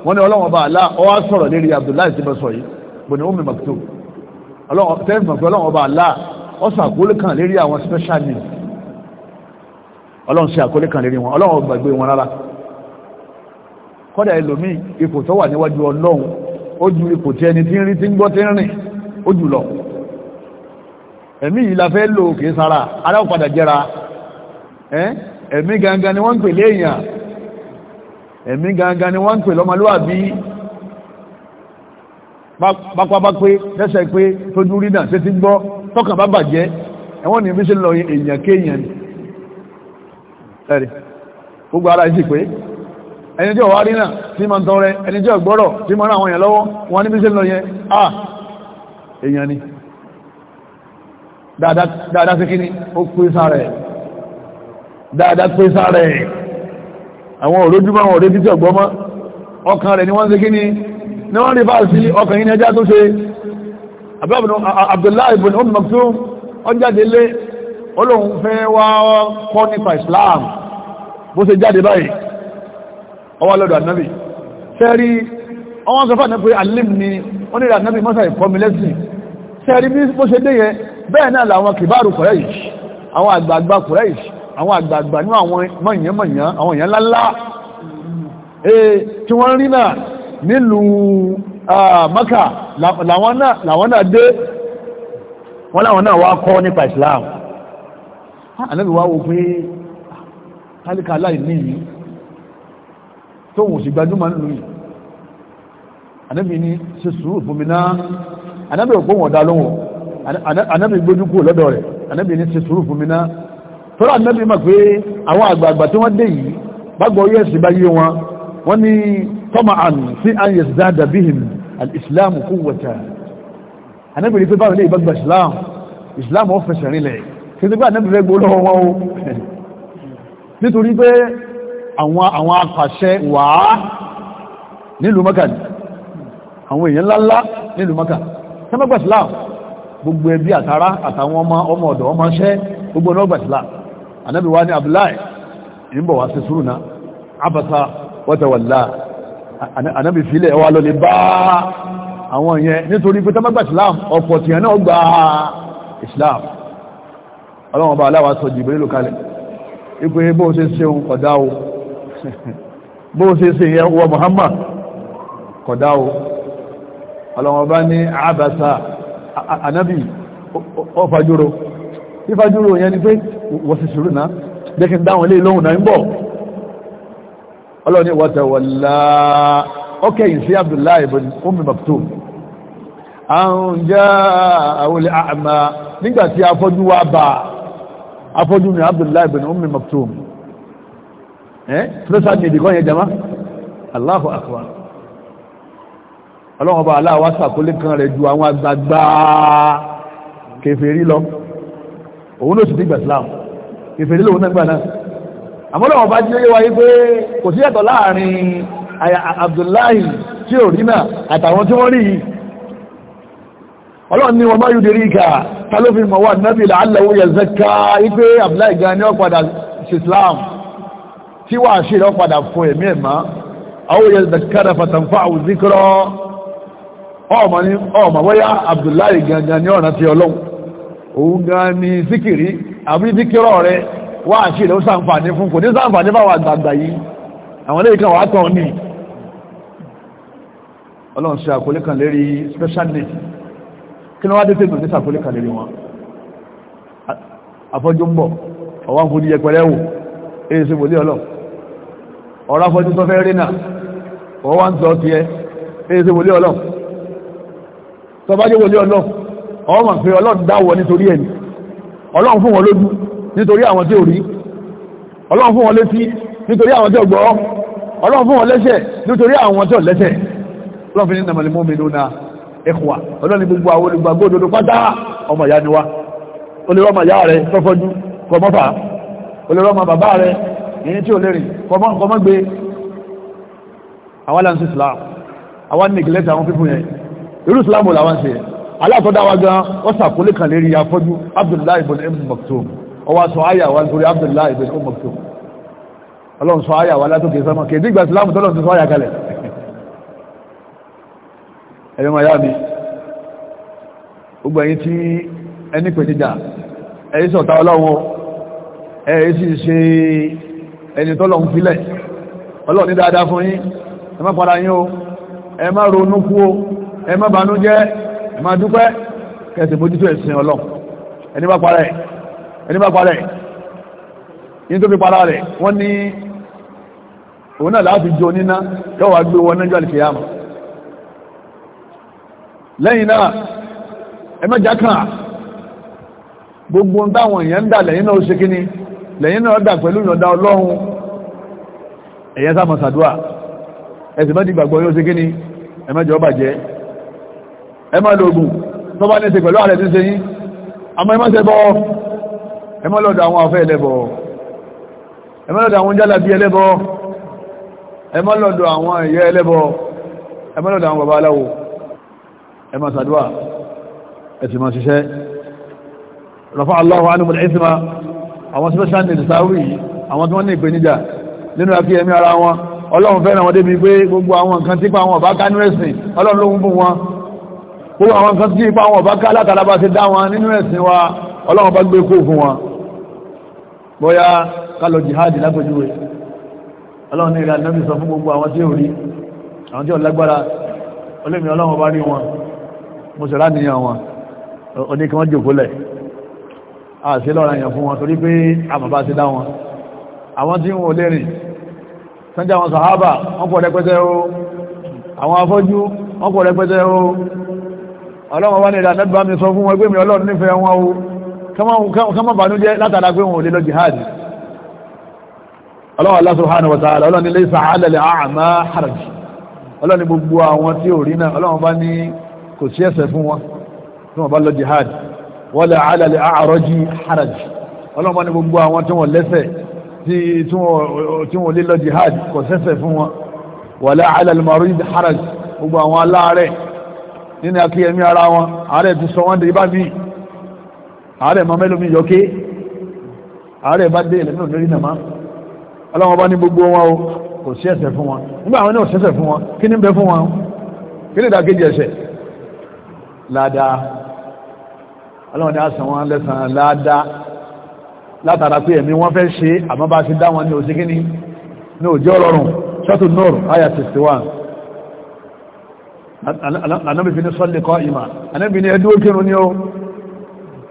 wọ́n ni ọlọ́run ọba àlá ọwá sọ̀rọ̀ lérí Abdullahi ti bẹ́ sọ yìí bùnú omi maktub tẹ́ẹ̀mù pé ọlọ́run ọba àlá ọ̀sán àkólé kan lérí àwọn special needs ọlọ́run ṣe àkólé kan lérí wọn ọlọ́run gbàgbé wọn rárá kọ́dà ẹlòmí ipò tó wà níwájú ọlọ́run ó ju ipò tí ẹni tí ń rí tí ń gbọ́ tí ń rìn ó jù lọ ẹ̀mí yìí la fẹ́ lò kìí sára aláwọ̀padà jẹ́ra ẹ̀mí gangan ni wọ́n ń pè léèyàn ẹ̀mí gangan ni wọ́n ń pè lọ́mọlúwàbí pápá pé lẹ́sẹ̀ pé tójú rí náà tẹ́tí gbọ́ tọ́kàn bá bàjẹ́ ẹ̀wọ́n ni bí ṣe lọ èèyàn kéèyàn ẹ̀rì gbogbo ara ìsì pé ẹni tí ọ̀wá rí náà tí ma ń tọ́ rẹ ẹni tí ọ̀gbọ́rọ̀ tí ma rán àwọn èèyàn lọ́wọ́ wọn ní bí ṣe lọ yẹn à èèyàn ni ni ó pé sára ẹ̀ dáadáa pé sára ẹ̀ àwọn òrójúmọ́ àwọn òrétí tí ọ̀gbọ́mọ́ ọkàn rẹ̀ ni wọ́n ń ni ní wọ́n rí bá sí ọkàn yìí ní ẹjá tó ṣe Abdullahi ibn Umm Maktum wọ́n jáde lé olóhun fẹ́ wá kọ́ nípa Islam bó ṣe jáde báyìí ọwá lọ́dọ̀ annabi sẹ́rí ọwọ́n sọ fún ànábì alim ni wọ́n ní annabi mọ́sá ìfọ́mílẹ́sìn sẹ́rí bí bó ṣe déyẹ bẹ́ẹ̀ náà làwọn kìbáàrù Quraysh àwọn àgbààgbà Quraysh àwọn àgbààgbà ní àwọn mọ̀nyẹ́mọ̀nyẹ́ àwọn èèyàn lálá eh, nílùú maka làwọn náà dé wọ́n láwọn náà wá kọ́ nípa islam anábì wá wo pé tálíkà aláì ní yìí tó wò sí gbajúmọ̀ nínú yìí anábì ní ṣe sùúrù fún mi náà anábì òpó wọn dá lóhùn anábì gbójú kú lọ́dọ̀ rẹ̀ anábì ní ṣe sùúrù fún mi náà tọ́rọ anábì mọ̀ pé àwọn àgbààgbà tí wọ́n dé yìí bá gbọ́ yẹ́sì bá wọn wọ́n ní طمعا في أن يزداد بهم الإسلام قوة أنا بلي في بعض ليه بقى إسلام إسلام وفى شري لي في ذي بقى أنا بلي بقوله هو nítorí pé àwọn àwọn apàṣẹ wàá nílùú mọ́kà ní àwọn èèyàn ńláńlá nílùú mọ́kà sẹ́mọ́gbà islam gbogbo ẹbí àtàrà àtàwọn ọmọ ọmọ ọ̀dọ̀ ọmọ ṣẹ́ gbogbo ọgbà islam anábíwá ní abdullahi ìbọ̀wà sí súrùnà abasa wọ́tẹ̀wàlá anábì sílẹ̀ wà lọ lè bá àwọn yẹn nítorí pé tọ́mọ́gbà islam ọ̀pọ̀ tí yẹn náà gba islam ọlọ́wọ́n bá aláwà sọ jìbìrì ló kalẹ̀ ipé bó ṣe ṣeun kọ̀dá o bó ṣe ṣe yẹn wọ Muhammad kọ̀dá o ọlọ́wọ́n bá ní àbàsà anábì ọfàjúrò ìfàjúrò yẹn ni pé wọ́n sì ṣùrù náà jẹ́kí dáwọn ilé lóhùn náà ọlọ́ni wàtàwàlá ọkẹ̀ yìí sí abdullahi ibn ummi maktum àwọn jẹ́ àwọlẹ̀ àmà nígbàtí afọ́jú wá bá afọ́jú ní abdullahi ibn ummi maktum ẹ́ special need kọ́ yẹn jama Allahu akbar ọlọ́wọ́n bá aláwọ́ sàkólé kan rẹ̀ ju àwọn agbàgbà kèfèrí lọ òun ló sì ti gbà islam kèfèrí lòun náà gbà náà àmọ́lọ́wọ́ bá jílé wáyé pé kò sí ẹ̀tọ̀ láàrin Abdullahi tí ò rí náà àtàwọn tí wọ́n rí yìí ọlọ́run ni wọ́n bá yóò dérí ìkà tálófin mọ̀wà náàbì làálàwó yẹ̀zẹ́ ká ipé Abdullahi gan ni ó padà sí Islam tí wà ṣe lọ padà fún ẹ̀mí ẹ̀má àwọn yẹ̀zẹ́ kára fàtàǹfà àwùzíkọ́rọ́ ọmọ wọ́yá Abdullahi gan ni ọ̀nà ti ọlọ́run òun gan ni síkìrí àbí síkìrọ̀ rẹ̀ wá àṣì ilẹ̀ ó fún kò ní sàǹfààní bá wà àgbàgbà yìí àwọn ilé ìkan wà á ní ọlọ́run ṣe àkólé kan lérí special need kí ni wọ́n á dé ní sàkólé kan lérí wọn afọ́jú ń bọ̀ ọwọ́ ń fojú yẹpẹrẹ wò èyí sí wòlé ọlọ́ ọ̀rọ̀ afọ́jú tó fẹ́ rí náà ọwọ́ ń tọ́ ti ẹ èyí sí wòlé ọlọ́ nítorí àwọn tí ò rí ọlọ́run fún wọn létí nítorí àwọn tí ò gbọ́ ọlọ́run fún wọn lẹ́sẹ̀ nítorí àwọn tí ò lẹ́sẹ̀ ọlọ́run fi ní nàmàlì mú mi lónà ẹkùwà ọlọ́run ní gbogbo àwọn olùgbàgbọ́ òdodo pátá ọmọ ìyá ni wá olèrò ọmọ ìyá rẹ tọ́fọ́jú kọmọ́fà olèrò ọmọ bàbá rẹ èyí tí ò lè rìn kọmọ́gbé àwọn aláǹsí islam àwọn neglect àwọn fífún yẹn irú islam làwọn ṣe aláàtọ́dá wa gan wọ́n sàkólé kan lérí afọ́jú abdullahi ibn ibn maktoum ọwá sọ ayà wá nítorí abdullahi ibn umaktu umm ọlọ́run sọ ayà wá látòkè sọ́mọ́ kèdí ìgbà ìsìlámù tọ́lọ̀ ti sọ ayà kalẹ̀ ẹ̀yọ́ ma yá mi gbogbo ẹ̀yìn tí ẹni pẹ̀tìjà ẹ̀yí sọ̀tá ọlọ́run ẹ̀yí sì ṣe ẹni tọ́lọ̀ ń filẹ̀ ọlọ́run ní dáadáa fún yín ẹ má padà yín o ẹ má ronú kú o ẹ má banújẹ́ ẹ má dúpẹ́ kẹsì bójútó ẹ̀sìn ọlọ́run ẹni bá parẹ́ ẹni bá parẹ́ yí tó fi para rẹ̀ wọ́n ní òun náà láti jọ níná yọ́ wà gbé wọn náà jẹ́ lẹ́yìn náà ẹmẹ́jà kan gbogbo táwọn èèyàn ń dà lẹ́yìn náà ó ṣe kí ni lẹ́yìn náà dà pẹ̀lú ìyọ̀dá ọlọ́run ẹ̀yẹ sáà mọ̀sàdúà ẹ̀sì mẹ́jì gbàgbọ́ yóò ṣe kí ni ẹmẹ́jọ ọba jẹ́ ẹmẹ́ lóògùn bá ní ṣe pẹ̀lú ààrẹ tí ń ṣe yí àmọ́ ẹmẹ́sẹ̀ bọ́ ẹ má lọ́dọ̀ àwọn afẹ́ ẹlẹ́bọ ẹ má lọ́dọ̀ àwọn jálàbí ẹlẹ́bọ ẹ má lọ́dọ̀ àwọn ẹ̀yẹ ẹlẹ́bọ ẹ má lọ́dọ̀ àwọn bàbá aláwo ẹ má ṣàdúà ẹ sì má ṣiṣẹ́ rafa Allahu anhum al-ithma àwọn special needs sáwì àwọn tí wọ́n ní ìpèníjà nínú àfi ẹ̀mí ara wọn ọlọ́run fẹ́ràn wọn débi pé gbogbo àwọn nǹkan tí gbé kó fún wọn bóyá kálọ̀ jihadi lápẹjúwe ọlọ́run ní ìrìn ànábì sọ fún gbogbo àwọn tí ò rí àwọn tí ò lágbára olómi ọlọ́run bá rí wọn mo sọ̀rá nìyàn wọn oníkí wọ́n jòkólẹ̀ àṣẹ lọ́ra yàn fún wọn torí pé àmàbá ti dá wọn àwọn tí wọn ò lè rìn sánjá àwọn sàhábà wọ́n pọ̀ rẹpẹtẹ o àwọn afọ́jú wọ́n pọ̀ rẹpẹtẹ o ọlọ́run wá ní ìrìn ànábì sọ fún wọn pé kọ́mọ̀ bànújẹ́ látara pé wọn ò lè lọ jihad ọlọ́wọ́ Allah subhanahu wa ta'ala ọlọ́ni lè sàálẹ̀lẹ̀ àmà haraj ọlọ́ni gbogbo àwọn tí ò rí náà ọlọ́wọ́ bá ní kò sí ẹ̀ṣẹ̀ fún wọn tí wọ́n bá lọ jihad wala ala al-a'raji haraj ọlọ́wọ́ bá ní gbogbo àwọn tí wọ́n lẹ́ṣẹ̀ tí wọ́n lè lọ jihad kò sẹ́ṣẹ̀ fún wọn wala ala al haraj gbogbo àwọn aláàrẹ̀ nínú akíyẹmí ara wọn àárẹ̀ ti sọ wọ́n dé ibà bíi ààrẹ ma mẹ́lómi yọké ààrẹ bá dé ìlẹ́nà lórí nàmá ọlọ́wọ́n bá ní gbogbo wọn o kò sí ẹ̀ṣẹ̀ fún wọn nígbà àwọn náà ṣẹ̀ṣẹ̀ fún wọn kí ní bẹ fún wọn kí ní ìdákejì ẹ̀ṣẹ̀ ládàá ọlọ́wọ́n ní àṣà wọn lẹ́sàn ládàá látara pé ẹ̀mí wọ́n fẹ́ ṣe àmọ́ bá ti dá wọn ní òsì kíní ní òjò rọrùn ṣọ́tù nọ́rù ayà 61 anábìfin sọ́lẹ̀kọ́ ìmà anábìfin ẹdú òkèrún ní o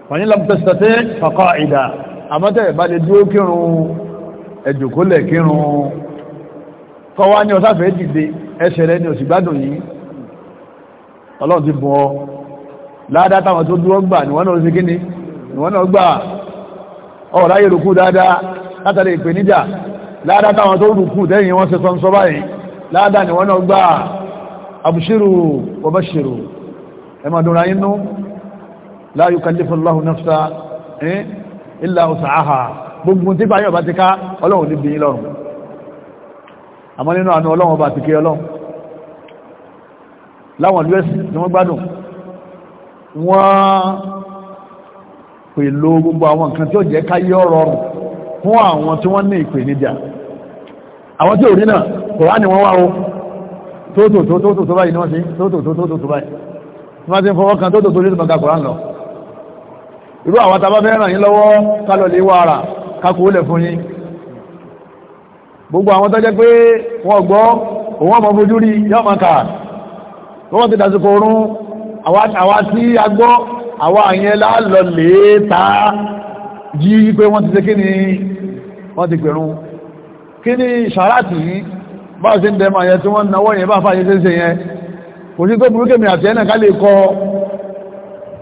wọ́n ní lọ́pùtẹ́sẹ̀tẹ́ fàkọ́ ìdá àmọ́tẹ́ ìbá lè dúró kírun ẹjùkólẹ̀ kírun kọwa ní ọsáfẹ́ dìde ẹsẹ̀ rẹ ní òsìgbádùn yìí ọlọ́run ti bọ́ ládá táwọn tó dúró gbà níwọ́n náà sí kíní níwọ́n náà gbà ọ̀rá yẹ rùkú dáadáa látàrí ìpèníjà ládá táwọn tó rùkú tẹ́yìn wọ́n ṣe sọ́nsọ́ báyìí ládá la yukallifu Allahu nafsa illa usaha gbogbo tí báyọ̀ bá ti ká ọlọ́run ní bìí lọ́rùn àmọ́ nínú àánú ọlọ́run bá ti ké ọlọ́run láwọn ìlú ẹ̀sìn ni wọ́n gbádùn wọ́n pèlò gbogbo àwọn nǹkan tí ó jẹ́ káyé ọ̀rọ̀rùn fún àwọn tí wọ́n ní ìpèníjà àwọn tí ò rí náà kòrá ni wọ́n wá o tóòtò tóòtò tó báyìí ni wọ́n sí tóòtò tóòtò tó báyìí irú àwọn tàbá mẹ́ràn yín lọ́wọ́ kálọ̀ lè wà rà kákòó lẹ̀ fún yín gbogbo àwọn tó jẹ́ pé wọ́n gbọ́ òun ọmọ fojú rí yọ́ ma kà wọ́n ti dásìkò orún àwa tí a gbọ́ àwa àyẹn lálọ lè ta jí pé wọ́n ti ṣe kíni wọ́n ti pẹ̀rún kíni ṣàrátì yìí bá ṣe ń dẹ̀mà yẹn tí wọ́n náwọ́ yẹn bá fàyẹ ṣe yẹn kò sí tó burúkẹ́ àti ẹ̀nà ká lè kọ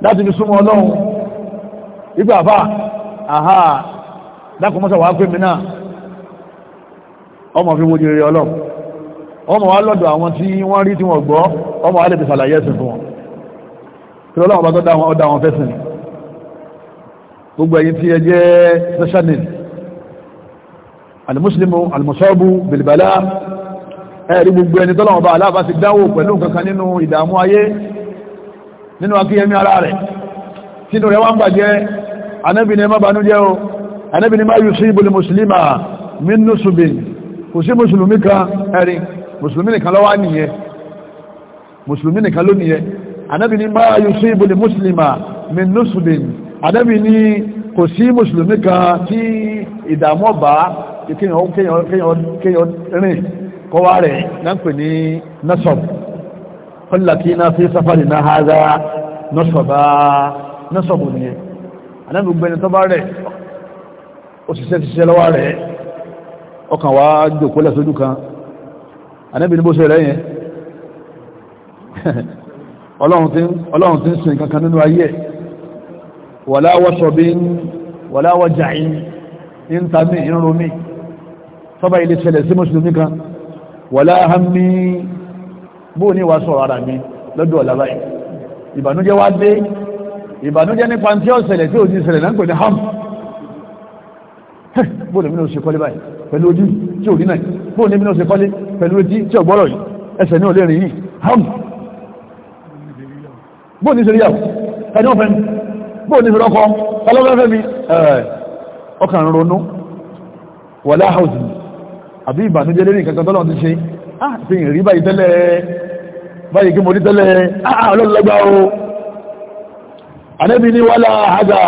láti fi súnmọ́ ọlọ́run ìgbà àfà àhà dákùnmọ́sà wà pé mi náà ọmọ fi wojú rere ọlọ́run ọmọ wa lọ́dọ̀ àwọn tí wọ́n rí tí wọ́n gbọ́ ọmọ wa lè fi sàlàyé ẹ̀sìn fún wọn tí ọlọ́run bá tó dá wọn ọdá wọn fẹ́sìn gbogbo ẹ̀yin tí ẹ jẹ́ special need alimuslimu alimusabu bilibala ẹ̀rí gbogbo ẹni tọ́lọ́wọ́ bá aláàbá ti dáwò pẹ̀lú kankan nínú ìdààmú ayé nínú akíyẹmí ara rẹ̀ tínú rẹ̀ wá ń bàjẹ́ anábì ni má banújẹ́ o anábì ni má yusibu li muslima min nusubin kò sí mùsùlùmí kan ẹ̀rin mùsùlùmí nìkan lọ́wọ́ nìyẹn mùsùlùmí nìkan ló nìyẹn anábì ni má yusibu li muslima min nusubin anábì ni kò sí mùsùlùmí kan tí ìdààmú ọba kéèyàn rìn kọwa rẹ̀ náà pè ní nasọ̀b kọlá kí náà fi sáfàrì náà hádá nasọ̀bá nasọ̀bù nìyẹn anábì gbẹni tó bá rẹ̀ òṣìṣẹ́ ti ṣiṣẹ́ lọ́wọ́ rẹ̀ ọkàn wá jòkólẹ̀ sójú kan anábì ní bó ṣe rẹ̀ yẹn ọlọ́run ti ń sin kankan nínú ayé wala wasabin wala waja'in ń ta mí ń romi tọ́bá ilé ṣẹlẹ̀ sí wala hammi bóò ní wàásù ọ̀rọ̀ ara mi lọ́dọ̀ ọ̀làbáyì ìbànújẹ́ ìbànújẹ́ nípa tí ó ṣẹlẹ̀ tí ò ní ṣẹlẹ̀ náà pè ní ham bóòlù mi ní o ṣe kọ́lé báyìí pẹ̀lú ojú tí ò rí náà bóòlù mi ní o ṣe kọ́lé pẹ̀lú ojú tí ò gbọ́rọ̀ yìí ẹsẹ̀ ní olè rìn yìí ham bóòlù ní ṣe ríyàwó ẹni ọ̀fẹ́ mi bóòlù ní ṣe rọ́kọ ah, ah, ah, ọlọ́fẹ́fẹ́ ànábì ní wọ́lá àádà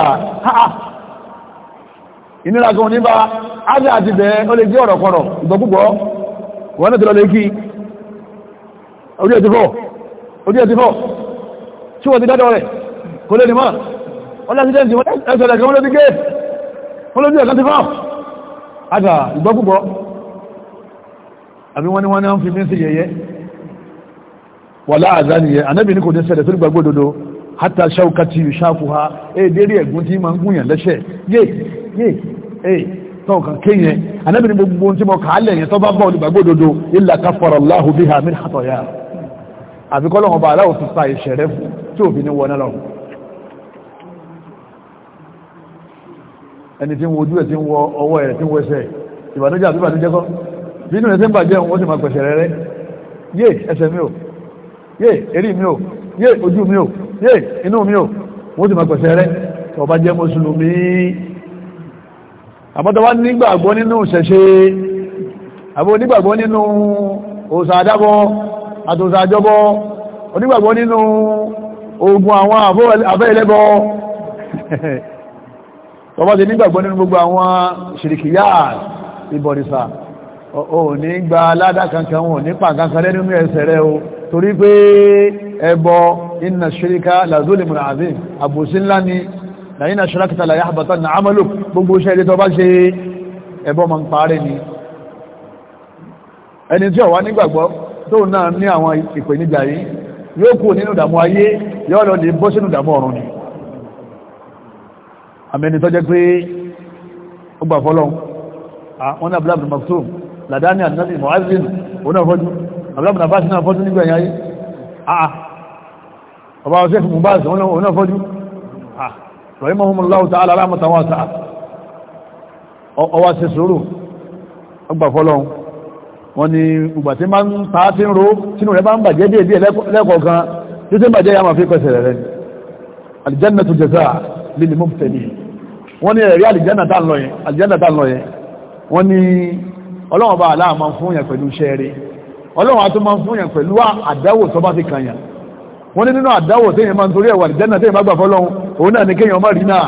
ìnira kan níbá ájá àti bẹ̀ẹ́ ó lè jẹ́ ọ̀rọ̀ kọ̀rọ̀ ìgbọ̀gbùgbọ́ wọ́n ní tọ́lọ lè kí orí ẹ̀ ti fọ́ orí ẹ̀ ti fọ́ tí wọ́n ti dádọ́ rẹ̀ kò lè ní máa wọ́n láti kan wọ́n lóbi ni wọ́n ní wọ́n fi mí sí hata ṣaukati ṣáfuha èdèrí ẹ̀gún tí ma ń gúnyàn lẹ́ṣẹ̀ yé yé ẹ̀ tán kan kéyẹn anábìnrin gbogbo tí mọ kàálẹ̀ yẹn tó bá bọ́ olùgbàgbódodo illa kafara Allahu biha min khataaya àfikọ́lọ́wọ́n bá aláwọ̀ ti sa ìṣẹ̀rẹ́ fún tí òfin ní wọná lọ ẹni tí ń wojú ẹ̀ tí ń wọ ọwọ́ ẹ̀ tí ẹsẹ̀ mi ò yé erí mi ò yé ojú mi o yé inú mi o wọ́n ti máa pẹ̀sẹ̀ rẹ ọba jẹ́ mùsùlùmí àbọ́tọ́wá nígbàgbọ́ nínú ṣẹ̀ṣe àbọ́ onígbàgbọ́ nínú òsàdábọ́ àtòsàjọ́bọ́ onígbàgbọ́ nínú ogun àwọn abẹ́ ẹlẹ́bọ́ ọba ti nígbàgbọ́ nínú gbogbo àwọn ṣìrìkìyà ìbọ̀rìsà ò ní gba aládá kankan wọn nípa kankan lẹ́nu ẹsẹ̀ rẹ o torí pé ẹbọ iná ṣíríká làzólè mùn àzín àbòsí ńlá ni na iná ṣírákítà láyé àbàtà ní àmàlò gbogbo iṣẹ́ ilé tó bá ṣe ẹbọ ma ń parí ni ẹni tí ọ̀wá nígbàgbọ́ tó náà ní àwọn ìpèníjà yìí yóò kú nínú ìdàmú ayé yóò lọ lè bọ́ sínú ìdàmú ọ̀run ni àmẹ́ni tó jẹ́ pé ó gbà fọ́lọ́ Ah. ọba ọ̀sẹ̀ fún bá ṣe ọ̀nà fọ́jú rọ̀yí mahimmanláwò tààlà alámọ̀tàwà sáà ọwá ṣe sòrò ọgbà fọ́lọ́un wọ́n ni ìgbà tí ma ń ta tí ń ro tínú rẹ̀ bá ń bàjẹ́ díẹ̀ díẹ̀ lẹ́kọ̀ọ̀kan tí tí ń bàjẹ́ yàmà fi pẹ̀sẹ̀ rẹ̀ aljannatu jazaa lil mubtadiin wọ́n ni ẹ̀rí aljannata ń rẹ̀ ọlọ́run àti máa ń fún yàn pẹ̀lú àdáwò tó bá ti kàn yàn wọ́n ní nínú àdáwò tí èyàn máa ń torí ẹ̀wà ìjẹ́nà tí èyàn máa gbà fọ́lọ́run òun náà ní kéèyàn má rí náà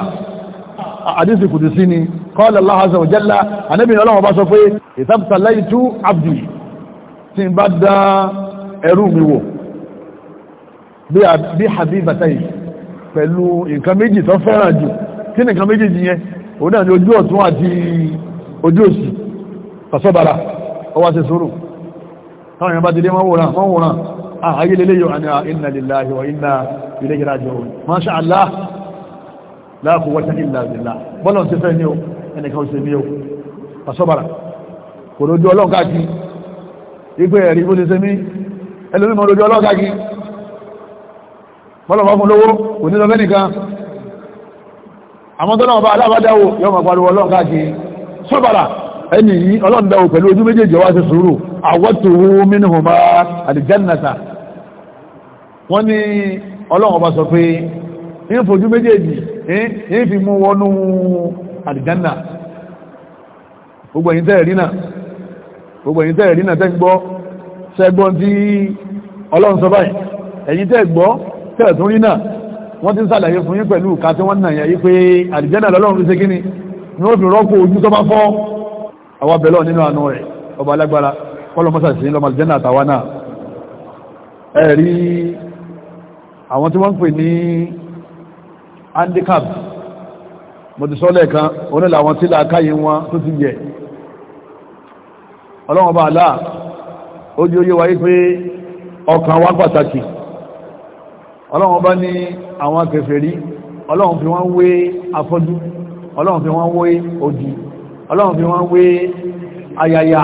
àdísì kùdù sí ni qala Allahu azza jalla ànábì ọlọ́run bá sọ pé ìtàbùtàláìtú abdi tí ń bá dá ẹrú mi wò bí habibatai pẹ̀lú nǹkan méjì tó fẹ́ràn jù kí nǹkan méjì yẹn òun náà ni ojú ọ̀tún àti ojú òsì fasabara ó wá ṣe sùúrù táwọn èèyàn bá délé wọ́n wòrán wọ́n wòrán ah, ayé lélé yóò àni inna lillahi wa inna ilayhi raji'un masha Allah la quwwata illa billah bọ́lọ̀ ti fẹ́ ní o ẹnìkan ṣe ní o pàṣọ́bàrà kò lójú ọlọ́gàájí ipé ẹ̀rí bó ti ṣe mí ẹlòmímọ̀ lójú ọlọ́gàájí bọ́lọ̀ bá fún lówó kò ní lọ mẹ́nìkan àwọn àwọ́tòwó mínúhùnmá àdìjánnàta wọ́n ní ọlọ́run ọba sọ pé ní fojú méjèèjì ní fi mú wọnú àdìjánnà gbogbo ẹ̀yin tẹ́ẹ̀rí náà gbogbo ẹ̀yin tẹ́ẹ̀rí náà tẹ́gbọ́ sẹ́gbọ́n tí ọlọ́run sọ báyìí ẹ̀yin tẹ́gbọ́ tẹ́ẹ̀tún rí náà wọ́n ti ń sàlàyé fún yín pẹ̀lú ìka tí wọ́n nàyà yí pé àdìjánnà lọ́lọ́run ṣe kíni ni ó fi rọ́pò ojú tó bá fọ́ àwọn nínú àánú rẹ̀ ọba alágbára kọ́lọ̀mọ́sà sí lọ́mọ aljanna àtàwà náà ẹ̀rí àwọn tí wọ́n ń pè ní handicap mọ̀tísọ́lẹ̀ kan onílà àwọn tí làákàyè wọn tó ti yẹ ọlọ́wọ́n bá aláà ó jí oyé wáyé pé ọkàn wá pàtàkì ọlọ́wọ́n bá ní àwọn kèfèrí ọlọ́wọ́n fi wọ́n wé afọ́jú ọlọ́wọ́n fi wọ́n wé òdì ọlọ́wọ́n fi wọ́n wé ayaya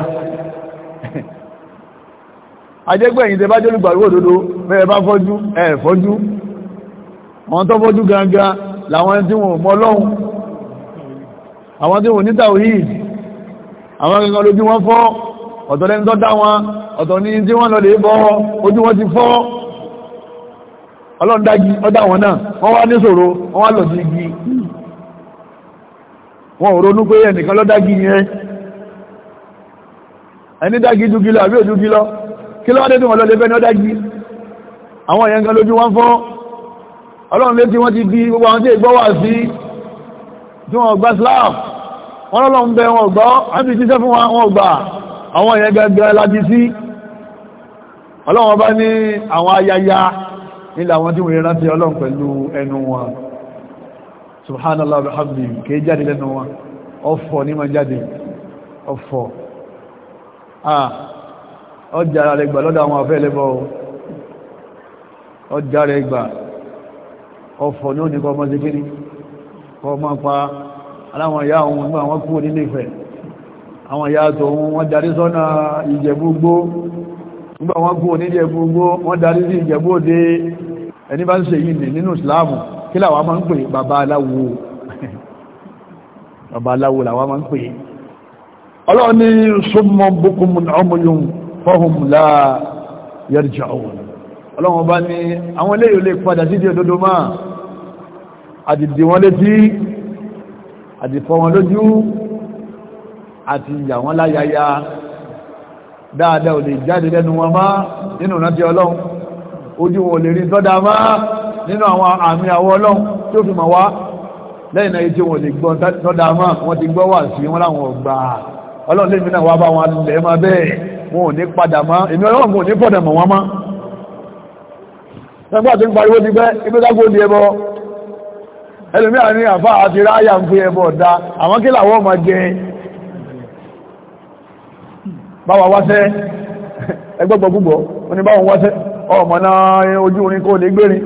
ajẹ́gbẹ́ ẹ̀yin tẹ bá jẹ́lú gbàrúwò òdodo mẹ́rẹ̀ bá fọ́jú ẹ̀ fọ́jú àwọn tó fọ́jú gangan làwọn tí wọ́n mọ̀ lọ́hun àwọn tí wọ́n ní tawhid àwọn gangan lójú wọn fọ́ ọ̀tọ̀ lẹ́ni tó dá wọn ọ̀tọ̀ ní tí wọ́n lọ lè bọ́ ojú wọn ti fọ́ ọlọ́ndági ọdá wọn náà wọ́n wá ní ṣòro ẹni dági dúgí lọ àbí òdúgí lọ kí lọ́wọ́ dé tí wọ́n lọ́lẹ́fẹ́ ní ọdági àwọn èèyàn kan lójú wọ́n fọ́ ọlọ́run létí wọ́n ti di gbogbo àwọn tí è gbọ́wà sí tí wọ́n gbá slav wọ́n lọ́lọ́run bẹ wọn gbọ́ àti jíṣẹ́ fún wọn gbà àwọn èèyàn gẹ́gẹ́ láti sí ọlọ́run bá ní ma jáde ọfọ̀ ọjà ah, rẹ̀ gbà lọ́dọ̀ àwọn afẹ́ lẹ́bọ̀ ọjà rẹ̀ gbà ọ̀fọ̀ ní òní kọmọ sí kíní kọmọ pa aláwọn ìyá ohun nígbà wọ́n kú nílé ìfẹ́ àwọn ìyá tó wọ́n darí sọ́nà ìjẹ̀búgbó nígbà wọ́n kú nílé ìjẹ̀búgbó wọ́n darí sí ìjẹ̀bú òde ẹni bá ń ṣe yìí nínú ìsìláàmù kí làwọn ọlọ́run ní súnmọ́ bókùnmù ọmọlùm fọ́hùn láà yẹrìjà òun ọlọ́run bá ní àwọn ilé ìlú padà sí di òdodo máa àdìdì wọn létí àdìfọ́ wọn lójú àti ìyà wọn láyáyá dáadáa ò lè jáde lẹ́nu wọn má nínú ìrántí ọlọ́run ojú wọn ò lè rí tọ́da má nínú àwọn àmì àwọ ọlọ́run tí ó fi mọ̀ wá lẹ́yìn náà etí wọn ò lè gbọ́ tọ́da má wọ́n ti gbọ́ wà sí wọn láwọn ọgbà ọlọ́run lè mìíràn wà bá wọn lẹ́ máa bẹ́ẹ̀ wọn ò ní padà má èmi ọlọ́run ò ní pọ̀dà mọ̀ wọn má nígbà tí ń pariwo ti pẹ́ ibi dágbó di ẹbọ ẹlòmíà ní àfá àti ráyà ń fi ẹbọ ọ̀dá àwọn kí làwọn máa jẹ báwa wáṣẹ́ ẹgbọ́gbọ́ gbogbo wọn ni báwọn wáṣẹ́ ọmọ náà ojú orin kó lè gbérin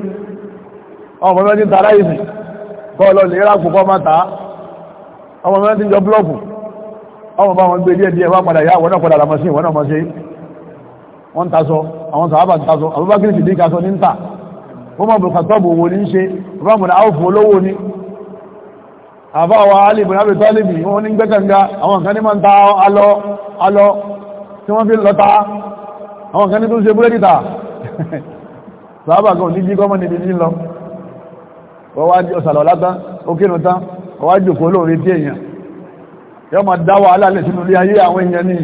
ọmọ mẹ́rin tààrà ìsìn kọ́ lọ lè máa tàá ọmọ mẹ́rin ti jọ blọ́ọ̀kù ọmọ bá wọn gbé díẹ̀ díẹ̀ wá padà yá wọ́n náà padà làmọ́ sí wọ́n náà mọ́ sí wọ́n ń tasọ àwọn sàábà ń tasọ àbúbákìrì sì dín kasọ ní ń tà wọ́n mọ̀ bùkà tọ́bù wo ní ń ṣe bá mọ̀ náà fún olówó ni àbá wa alì bùnà bẹ̀ tọ́lìbì wọ́n ní gbẹ́kànga àwọn kan ní máa ń ta alọ alọ tí wọ́n fi lọ́ta àwọn kan ní tó ń ṣe búrẹ́dì ta sàábà kan ní jíkọ́ mọ́ níbi ní lọ wọ́n wá ọ̀sàlọ̀ látán ó kírun tán ọwá jòkó lóore tí èèyàn yọ ma dá wà aláàlẹ̀ sínú ilé ayé àwọn èèyàn ní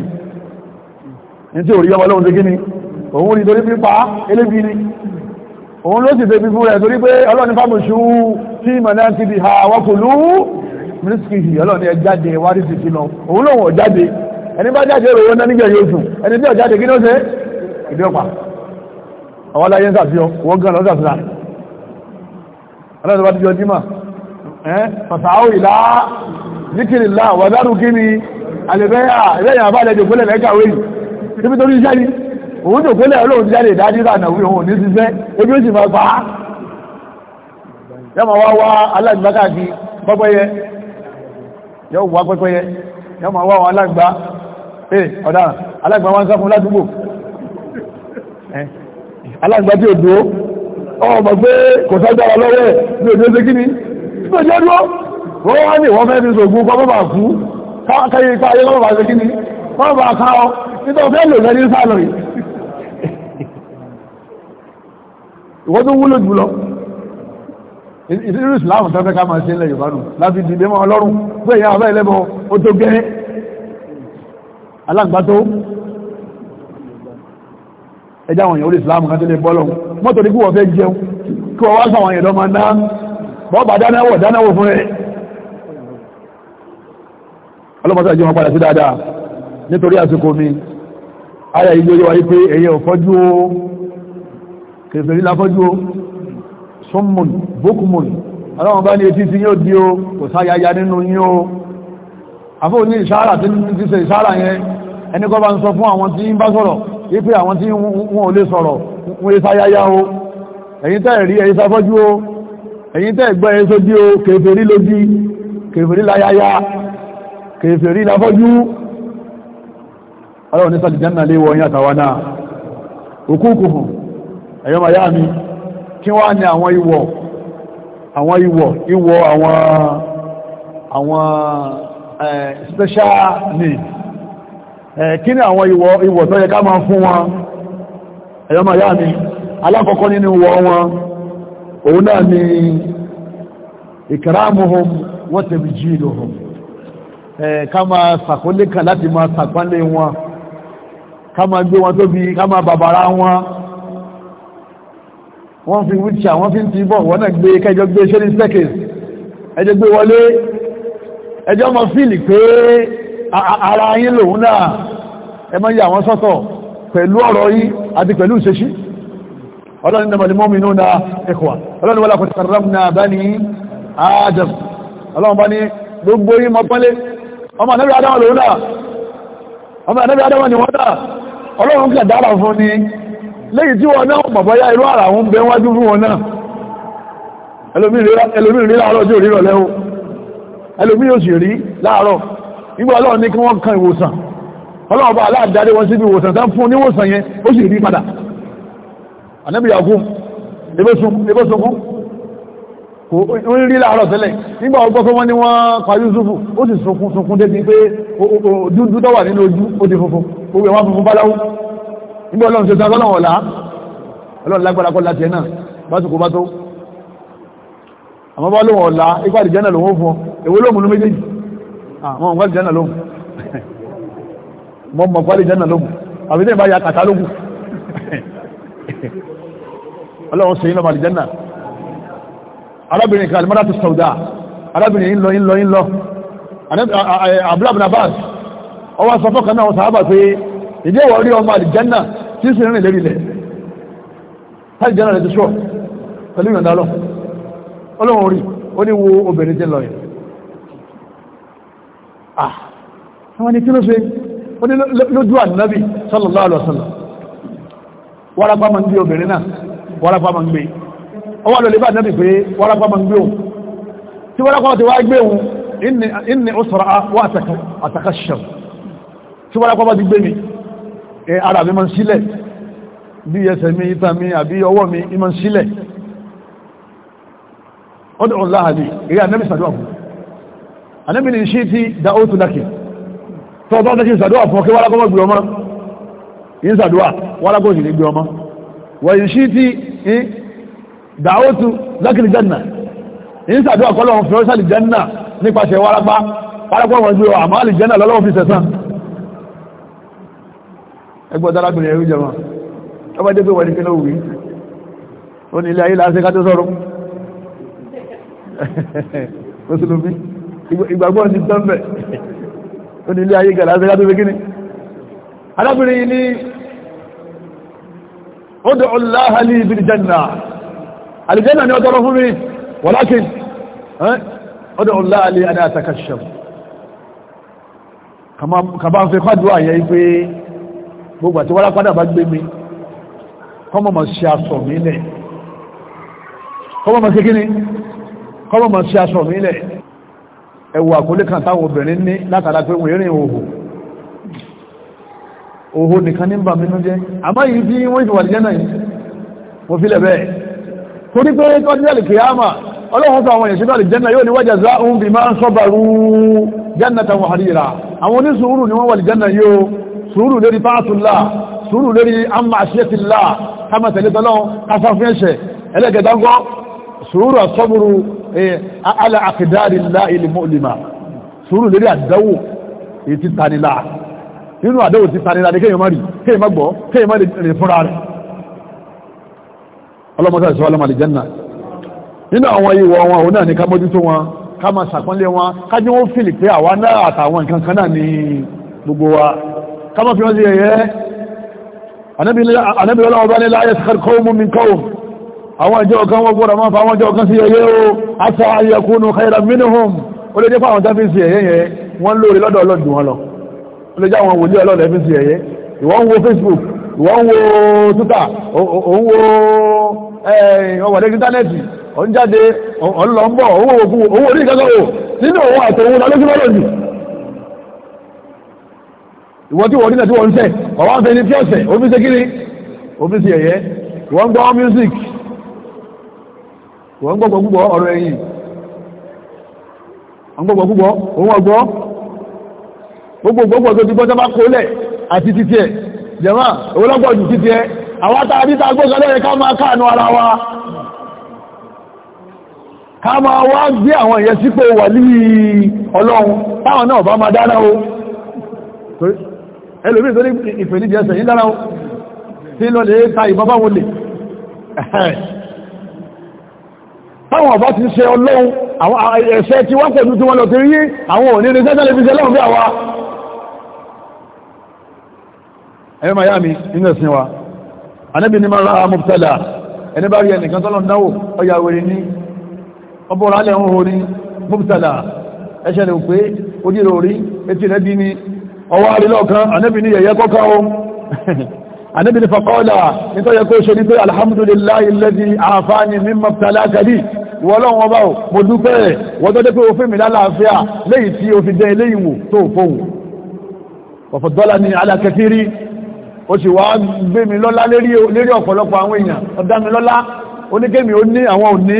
ní tí ò rí ọmọ lóhun tó gíní òun rí torí pípa elébi ni òun ló sì tẹ́bí fún rẹ̀ torí pé ọlọ́ni fábùsù tí mọ̀ná ti di ha wọ́kùlú mínísìkì ọlọ́ni ẹ jáde wárí sí sí lọ òun lòun ò jáde ẹni bá jáde rò wọ́n nígbẹ̀ yóò sùn ẹni tí ò jáde kí ní zikiri lá wàzárù kí ni àlẹ́bẹ́yà ẹ̀yà bá lẹ́jọ gbọ́lẹ̀ lẹ́kàwé yìí níbi torí iṣẹ́ ni òun tó gbọ́lẹ̀ olóhun ti jáde ìdájú ìlànà òun òun ní ṣiṣẹ́ ebi ó sì máa pa á yọmọ wá wá alágbá káàkiri pẹ́pẹ́yẹ yọmọ wá pẹ́pẹ́yẹ yọmọ wá wọn alágbá ee ọ̀daràn alágbá wọn sá fún ládùúgbò e, alágbá tí ò dúró ọmọ pé kò sá gbára lọ́wọ́ ẹ̀ e, ní òjò wọ́n wá ní wọ́n fẹ́ ní ṣògùn kọmọ́bà kú káàkiri ipa ayé lọ́wọ́ bá ṣe kí ni wọ́n bá ká ọ nítorí fẹ́ lò lẹ́ní sálọ̀rì ìwọ́n tó wúlò jùlọ ìdílù ìsìláàmù tó fẹ́ ká máa ṣe ilẹ̀ yorùbá nù láti dìde mọ́ ọlọ́run pé ìyá abẹ́ ilẹ́bọ̀ ó tó gẹ́ alágbàtó ẹjá àwọn èèyàn orí ìsìláàmù kan tó lè bọ́lọ̀ mọ́tò ní kí wọ́n fẹ́ jẹun kí wọ́n wá sáwọn èèyàn lọ máa ná bọ́ọ̀bà ọlọ́mọsá jẹ́ wọn padà sí dáadáa nítorí àsìkò mi ayà ìjọ yíwa wípé ẹ̀yẹ òfọ́jú o kèfèrí láfọ́jú o sọ́mùn bókùmùn ọlọ́wọ́n bá ní etí tí yóò di o kò sáyáyá nínú yín o àfóò ní ìṣára tí ti ṣe ìṣára yẹn ẹni kọ́ bá ń sọ o ẹ̀yin tẹ́ rí ẹ̀yin sáfọ́jú o ẹ̀yin tẹ́ gbọ́ ẹ̀yin sójú o kèfèrí láfọ́jú aláwọ̀ ní sàlìjánà lè wọ́n yàtà wá náà òkúkù hùn ẹ̀yọ́ ma mi kí wá ní àwọn ìwọ̀ àwọn ìwọ̀ ìwọ̀ àwọn àwọn special need kí ní àwọn ìwọ̀ ìwọ̀ tó yẹ ká máa fún wọn ẹ̀yọ́ ma mi alákọ̀ọ́kọ́ nínú ìwọ̀ wọn òun náà ni ká máa sàkólé kan láti máa sàpánlé wọn ká máa gbé wọn tóbi ká máa bàbàrà wọn wọ́n fi wíṣà wọ́n fi ń ti bọ̀ wọ́n náà gbé kẹjọ gbé ṣe ní sẹ́kẹ̀s ẹjọ gbé wọlé ẹjọ mọ fíìlì pé ara yín lòun náà ẹ mọ́ yà wọ́n sọ́tọ̀ pẹ̀lú ọ̀rọ̀ yìí àti pẹ̀lú ìṣeṣí ọlọ́ni nàbàlì mọ́mí inú na ẹkọ̀wà ọlọ́ni wọ́n lápọ̀ sàrámù náà bá ní Adam ọlọ́run bá ní gbogbo yìí mọ́pẹ́lẹ́ ọmọ ànábì adáwọn lòun náà ọmọ ànábì adáwọn ni wọ́n náà ọlọ́run kẹ̀ dára fún ni léyìí tí wọ́n náà bọ̀bọ̀yá irú ara wọn bẹ wájú fún wọn náà ẹlòmíì rí láàárọ̀ tí ò rí rọ̀ lẹ́wọ́ ẹlòmíì ò sì rí láàárọ̀ nígbà ọlọ́run ní kí wọ́n kan ìwòsàn ọlọ́run bá aláàdáre wọn síbi ìwòsàn tán fún oníwòsàn yẹn ó sì rí ń rí láàárọ̀ tẹ́lẹ̀ nígbà ọgbọ́ tó wọ́n ní wọ́n pa Yusufu ó sì sunkún sunkún débi pé dúdú tó wà nínú ojú ó di funfun gbogbo ẹ̀wọ̀n funfun báláwú nígbà ọlọ́run ṣe tán ọlọ́run ọ̀la ọlọ́run lágbára kọ́ láti ẹ̀ náà básìkò bá tó àmọ́ bá lóun ọ̀la ipá àdìjẹ́ náà lòun ó fún ọ èwo lóun ní méjèèjì àwọn ọ̀gbá àdìjẹ́ náà lóun mọ́ mọ́ pálí jẹ́ náà lóun àbí tẹ́ ìbá ya kàtà lókù ọlọ́run ṣe yín lọ́mọ àdìjẹ́ náà arábìnrin kan alimọ́dá tó sọ̀dá arábìnrin ńlọ ńlọ ńlọ abúlábìnà báàs ọwọ́ sọ fọ́kànnà àwọn sàábà pé ìdí ẹ̀wọ̀ rí ọmọ àlìjánà tí sì rìn lérí ilẹ̀ táìjánà rẹ̀ ti sọ pẹ̀lú wọ́n ni ma ń gbé obìnrin náà wárapá ma ń gbé ọwọ́ lọ lè bá nẹ́bì pé wárápá ma ń gbé ohun tí wárápá ti wá gbé ohun inni ọ̀sọ̀rọ̀ wà àtàkàṣẹ̀ tí wárápá bá ti gbé mi ara mi ma ń sílẹ̀ bí ẹsẹ̀ mi ìta mi àbí ọwọ́ mi ma ń sílẹ̀ ọdún ọláhàbí eré anẹ́bì sàdọ́ àfún anẹ́bì ni ṣí ti da ó tún lákì tó ọdún ọdún sàdọ́ àfún ọkẹ́ wárápá ma gbé ọmọ yín sàdọ́ à wárápá dàótù lákìlì jẹ́nà ní sàdúwà kọ́lọ̀wọ̀n fi ọ́sàlì jẹ́nà nípasẹ̀ wárápá wárápá wọn gbé àmà jẹ́nà lọ́lọ́wọ́ fi sẹ̀sán ẹgbọ́n dárábìnrin ó ní ilé ibi jẹ́nà àlìjẹ́nà ni ọ tọrọ fún mi wọ́lákin ọdọ̀ ọlá alẹ́ adátakasham kàbá ń fẹ́ kọ́dùwà yẹ pé gbogbo àti wọ́lá padà bá gbé mi kọ́mọ̀ mọ̀ sí aṣọ mílẹ̀ kọ́mọ̀ mọ̀ sí kíní kọ́mọ̀ mọ̀ sí aṣọ mílẹ̀ ẹwù àkólé kan táwọn obìnrin ní látara bà mínú jẹ́ àmáyìí bí wọ́n ìfìwàlì jẹ́ náà wọ́n fi lẹ̀ bẹ́ẹ̀ torí pé kọ́díjẹ́lì kìyàmà ọlọ́run sọ àwọn èsì náà lè jẹ́nà yóò ní wájà za ohun bí máa ń sọ́bàrú jẹ́nàtà wàhálìra àwọn onísùúrù ni wọ́n wà lè jẹ́nà yóò sùúrù lórí pàtùlá sùúrù lórí amma àṣíyẹ́tìlá kama tẹ̀lé tọ́lọ́n káfàfẹ́ṣẹ̀ ẹlẹ́gẹ̀dágọ́ sùúrù àsọ́bùrù ala àkìdárìlá ilẹ̀ mọ́lìmà sùúrù lórí àdáwò èyí ti tanilá nínú àdáwò ti ọlọ́mọdé àti ọlọ́mọ àlìjẹ́nà nínú àwọn ìwọ̀ wọn òun náà ni ká mójútó wọn ká máa sàpọ́nlé wọn ká jẹ́ wọ́n fìlì pé àwa náà àtàwọn nǹkan kan náà ní gbogbo wa ká má fi wọ́n sí ẹ̀yẹ́ anábì ọlọ́wọ́ bá ní láyé kọ́ọ̀mù mi kọ́ọ̀m àwọn ìjọ kan wọ́n gbọ́dọ̀ máa fa àwọn ìjọ kan sí ẹ̀yẹ́ o asa ayẹkùnù kaira minhum ó lè jẹ́ fún àwọn tó fi sí ẹ̀yẹ́ yẹn wọ́n lóore lọ́dọ̀ ọlọ́dún wọn lọ ó lè jẹ́ àwọn wòlíì ọlọ́dọ̀ fi sí ẹ̀yẹ́ ìwọ́n wo Facebook wọ́n wo tútà òun wo ọwọ̀dẹ́ íńtánẹ́ẹ̀tì òun owó òkú owó orí nínú òun àti òun lọ́lọ́gbọ́n lòdì tí wọ́n ń fẹ́ ní tí ọ̀sẹ̀ kiri gbọ́ music ọ̀rọ̀ ẹ̀yìn jẹ̀mọ́ òwúlọ́pọ̀ jù títí ẹ àwátá àdíta gbóṣọ́ lẹ́rẹ̀ ká máa káànú ara wa ká máa wá gbé àwọn èyẹ sípò wàlí ọlọ́run táwọn náà bá máa dára o ẹlòmí tó ní ìfẹ̀lìdì ẹsẹ̀ yìí dára o tí lọ lè ta ìbọn bá wọlé táwọn ọba ti ṣe ọlọ́run ẹ̀ṣẹ̀ ti wá pẹ̀lú tí wọ́n lọ ti rí àwọn òní ẹ̀yọ́ màá yá mi nínú ẹ̀sìn wa anábì ní mara mọ̀tẹ́lá ẹni bá rí ẹnìkan tọ́lọ̀ náwó ọya wèrè ní ọbọ̀rọ̀ alẹ́ ń ho ní mọ̀tẹ́lá ẹṣẹ́ lè pé ojú rẹ̀ orí etí rẹ̀ bí ní ọwọ́ àrílọ́kan anábì ní yẹ̀yẹ́ kọ́kọ́ o anábì ní fakọ́lá nítorí kó ṣe ní pé alhamdulillahi alladhi àfáàní min mọ̀tẹ́lá kàdí ọ̀fọ̀dọ́lá ni alákẹ́kẹ́rí ó sì wá gbé mi lọ́lá lérí ọ̀pọ̀lọpọ̀ àwọn èèyàn ọ̀dá mi lọ́lá oníkémi ó ní àwọn òní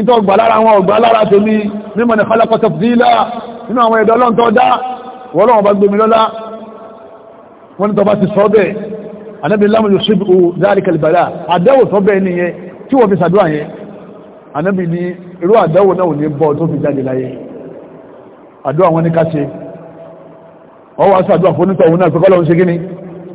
ìtọ́ ọgbà lára àwọn ọgbà lára tèmi mímọ̀ ní kọ́lẹ́kọ́tọ̀ fìdílá nínú àwọn ẹ̀dọ́ lọ́ntọ́ mi lọ́lá wọ́n ni tọba ti sọ bẹ́ẹ̀ anábi lámù yóò ṣe o dáàrí kalibara àdẹ́wò tọ́ bẹ́ẹ̀ nìyẹn tí wọ́n fi sàdúrà yẹn anábi ni irú àdẹ́wò náà ní bọ́ tó fi ṣe ọwọ́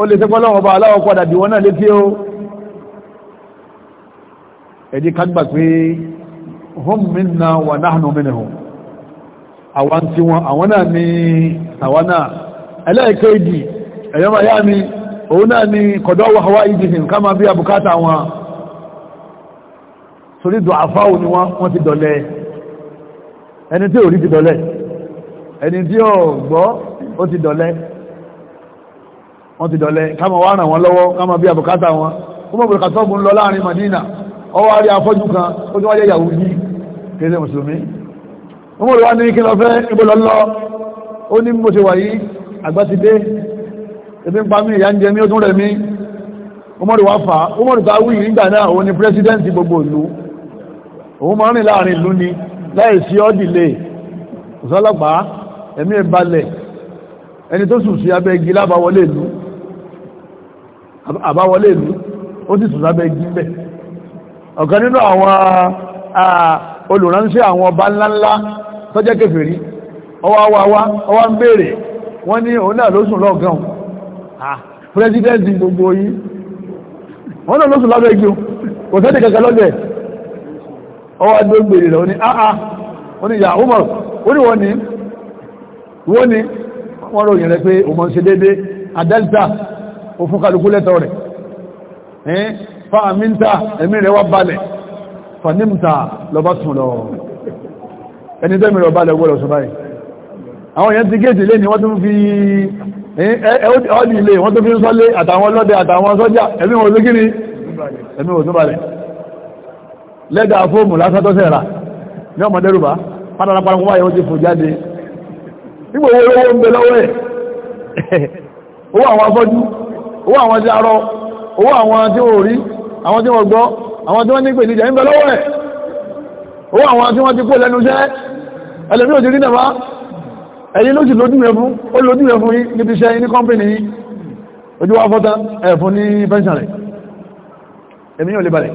ó lè sẹ́pọ́ lọ́wọ́ bá aláwọ̀ padà bí wọ́n náà létí ó ẹ̀dí kagbà pé hum minna wa nahnu minhum àwọn tí wọn àwọn náà ni àwọn náà ẹlẹ́ẹ̀kẹ́ ìdì ẹ̀yọ́ ma yá mi òun náà ni kọ̀dọ̀ wà hawa ìdì hìn ká máa bí abùkátà wọn torí dùn àfáwò ni wọ́n ti dọ̀lẹ́ ẹni tí ò rí ti dọ̀lẹ́ ẹni tí ò ó ti dọ̀lẹ́ wọ́n ti dọ̀lẹ́ káàmà wá ràn wọ́n lọ́wọ́ káàmà bí àbùkátà wọn ọmọ òbúrúkà sọ́ọ̀bù ń lọ láàrin Madina ọwọ́ àrí afọ́jú kan ó tí wọ́n jẹ́ yàwó yí kéde mùsùlùmí ọmọ òbúrúkà ní kí lọ fẹ́ ibo lọ lọ ó ní mo ṣe wà yí àgbà ti dé ebi ń pa mí ìyá ń jẹ mí ó tún rẹ̀ mí ọmọ òbúrúkà fà ọmọ òbúrúkà wí nígbà náà òun ni president gbogbo ìlú òun máa ń rìn láàrin ìlú ni láì sí ọ́dìlé ìsọ́lọ́pàá ẹ̀mí ìbalẹ̀ ẹni tó sùn sí abẹ́ igi lábáwọlé ìlú àbáwọlé ìlú ó sì sùn lábẹ́ igi bẹ̀ ọ̀kan nínú àwọn olùránṣẹ́ àwọn ọba ńláńlá tọ́jẹ́ kèfèrí ọwá wáwá ọwá ń béèrè wọ́n ní òun náà ló sùn lọ́gán pírẹsidẹ́ntì gbogbo yìí wọ́n náà ló sùn lábẹ́ igi kò sẹ́ni kankan lọ́dẹ̀ ọwá ló gbèrè rẹ̀ oní àà oní ìyá umar oní wọ́n ni wọ́n ni wọ́n ròyìn rẹ̀ pé òmọ̀ ń ṣe déédé adẹ́lta ó fún kálukú lẹ́tọ̀ rẹ̀ ẹ́n fa àmìntà ẹ̀mí rẹ̀ wá balẹ̀ fanimta lọba sùn lọ ẹni tẹ́mì rẹ̀ balẹ̀ gbọ́lọ̀ sọ báyìí àwọn èèyàn ti géètì lé ní wọ́n tún fi ọ́dì ilé wọ́n tún fi ń sọ́lé àtàwọn ọlọ́dẹ àtàwọn sọ́jà ẹ̀mí wọ́n tún kíni ẹ̀mí wọ́n tún balẹ̀ lẹ́dà fóòmù lásátọ́sẹ̀ rà ní ọmọ dẹ́rùbá owó àwọn afọ́jú owó àwọn tí a rọ owó àwọn tí wọ́n rí àwọn tí wọ́n gbọ́ àwọn tí wọ́n ní pèsè ìjẹ́ ń bẹ lọ́wọ́ ẹ̀ owó àwọn tí wọ́n ti kó lẹ́nu iṣẹ́ ẹlẹ́mí ò ti rí nàbá ẹ̀yìn ló sì lójú wa fọ́ta ẹ̀fún ní pẹ́ńsàn rẹ̀ èmi yóò lè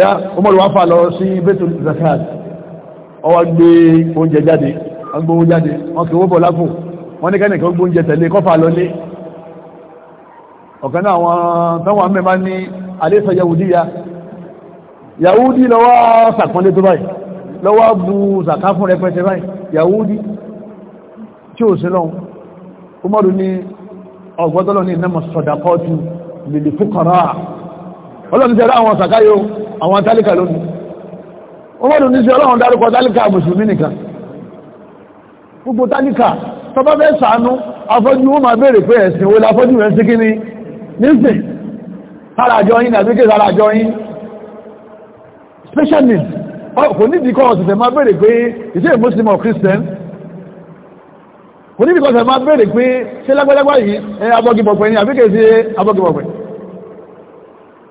ya ọmọlùwà fà lọ sí bẹ́tù zakat ọwọ́ gbé oúnjẹ jáde wọ́n gbé oúnjẹ jáde wọ́n kí owó bọ̀ lápò wọ́n ní gbóúnjẹ tẹ̀lé kọ́fà lọ lé ọ̀kan náà àwọn tánwà mẹ́bá ní alẹ́sọ yahudi ya yahudi lọ́wọ́ sàkọ́lé tó báyìí lọ́wọ́ bu zaka fún rẹpẹtẹ báyìí yahudi tí ó sí lọ́wọ́ umaru ní ọgbọ́tọ́lọ́ ní ìnáma sọ̀dàkọ́tù lèlè fúkọ̀rọ̀ ọlọ́run ti rá àwọn sàkáyò àwọn tálíkà lónìí umaru ní sí ọlọ́run dárúkọ tálíkà mùsùlùmí nìkan gbogbo tálíkà tọba fẹ́ sàánú afọ́jú ó máa béèrè pé ẹ̀sìn wo afọ́jú rẹ̀ sí kí nísìn sáràjọ yìí nàbí kí sáràjọ yìí special needs kò nídìí kọ́ ọ̀sẹ̀sẹ̀ máa bèèrè pé is he muslim or christian kò nídìí kọ́ ọ̀sẹ̀ máa bèèrè pé ṣé lágbẹ́lágbá yìí abọ́gibọ̀pẹ̀ ni àbí kìí ṣe abọ́gibọ̀pẹ̀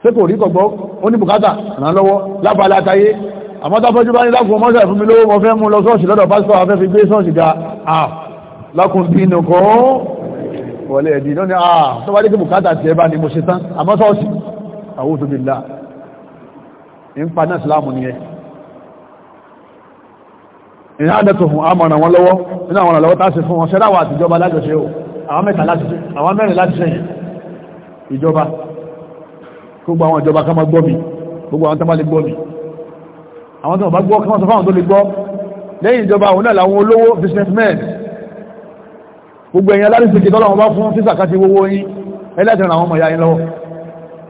ṣé kò rí kọ̀gbọ́ ó ní bùkátà ràn lọ́wọ́ lábàlá tayé àmọ́ tábọ́jú bá ní lákùn mọ́sà ìfúnmi lówó mọ́ fẹ́ mú lọ sọ́ọ̀ṣì lọ́dọ̀ pásítọ̀ afẹ́ fi gbé sọ́ọ̀ṣì ga lákùn bí nìkan wọlé ẹ̀dì lọ́ni àà tó wá dékè bùkátà tí ẹ bá ní mo ṣe tán àmọ́ sọ́ọ̀sì àwòtò bìlá ń pa náà sílámù ni ẹ ìyá àdẹ́tò fún àmọ̀nà wọn lọ́wọ́ nínú àwọn ọ̀lọ́wọ́ tàṣì fún wọn ṣẹ́dáwà àtijọba lájọṣe o àwọn mẹ́ta láti ṣe àwọn mẹ́rin láti ṣe yẹn ìjọba gbogbo àwọn ìjọba ká máa gbọ́ gbogbo àwọn tó lè gbọ́ àwọn tó gbọ́ ká máa sọ fáwọn tó lè gbọ́ lẹ́yìn ìjọba òun náà làwọn olówó businessmen gbogbo ẹ̀yìn alárísìkì tọ́lọ̀ wọn bá fún títà káti wówó yín ẹlẹ́tẹ̀rẹ̀ àwọn ọmọ ìyá yín lọ́wọ́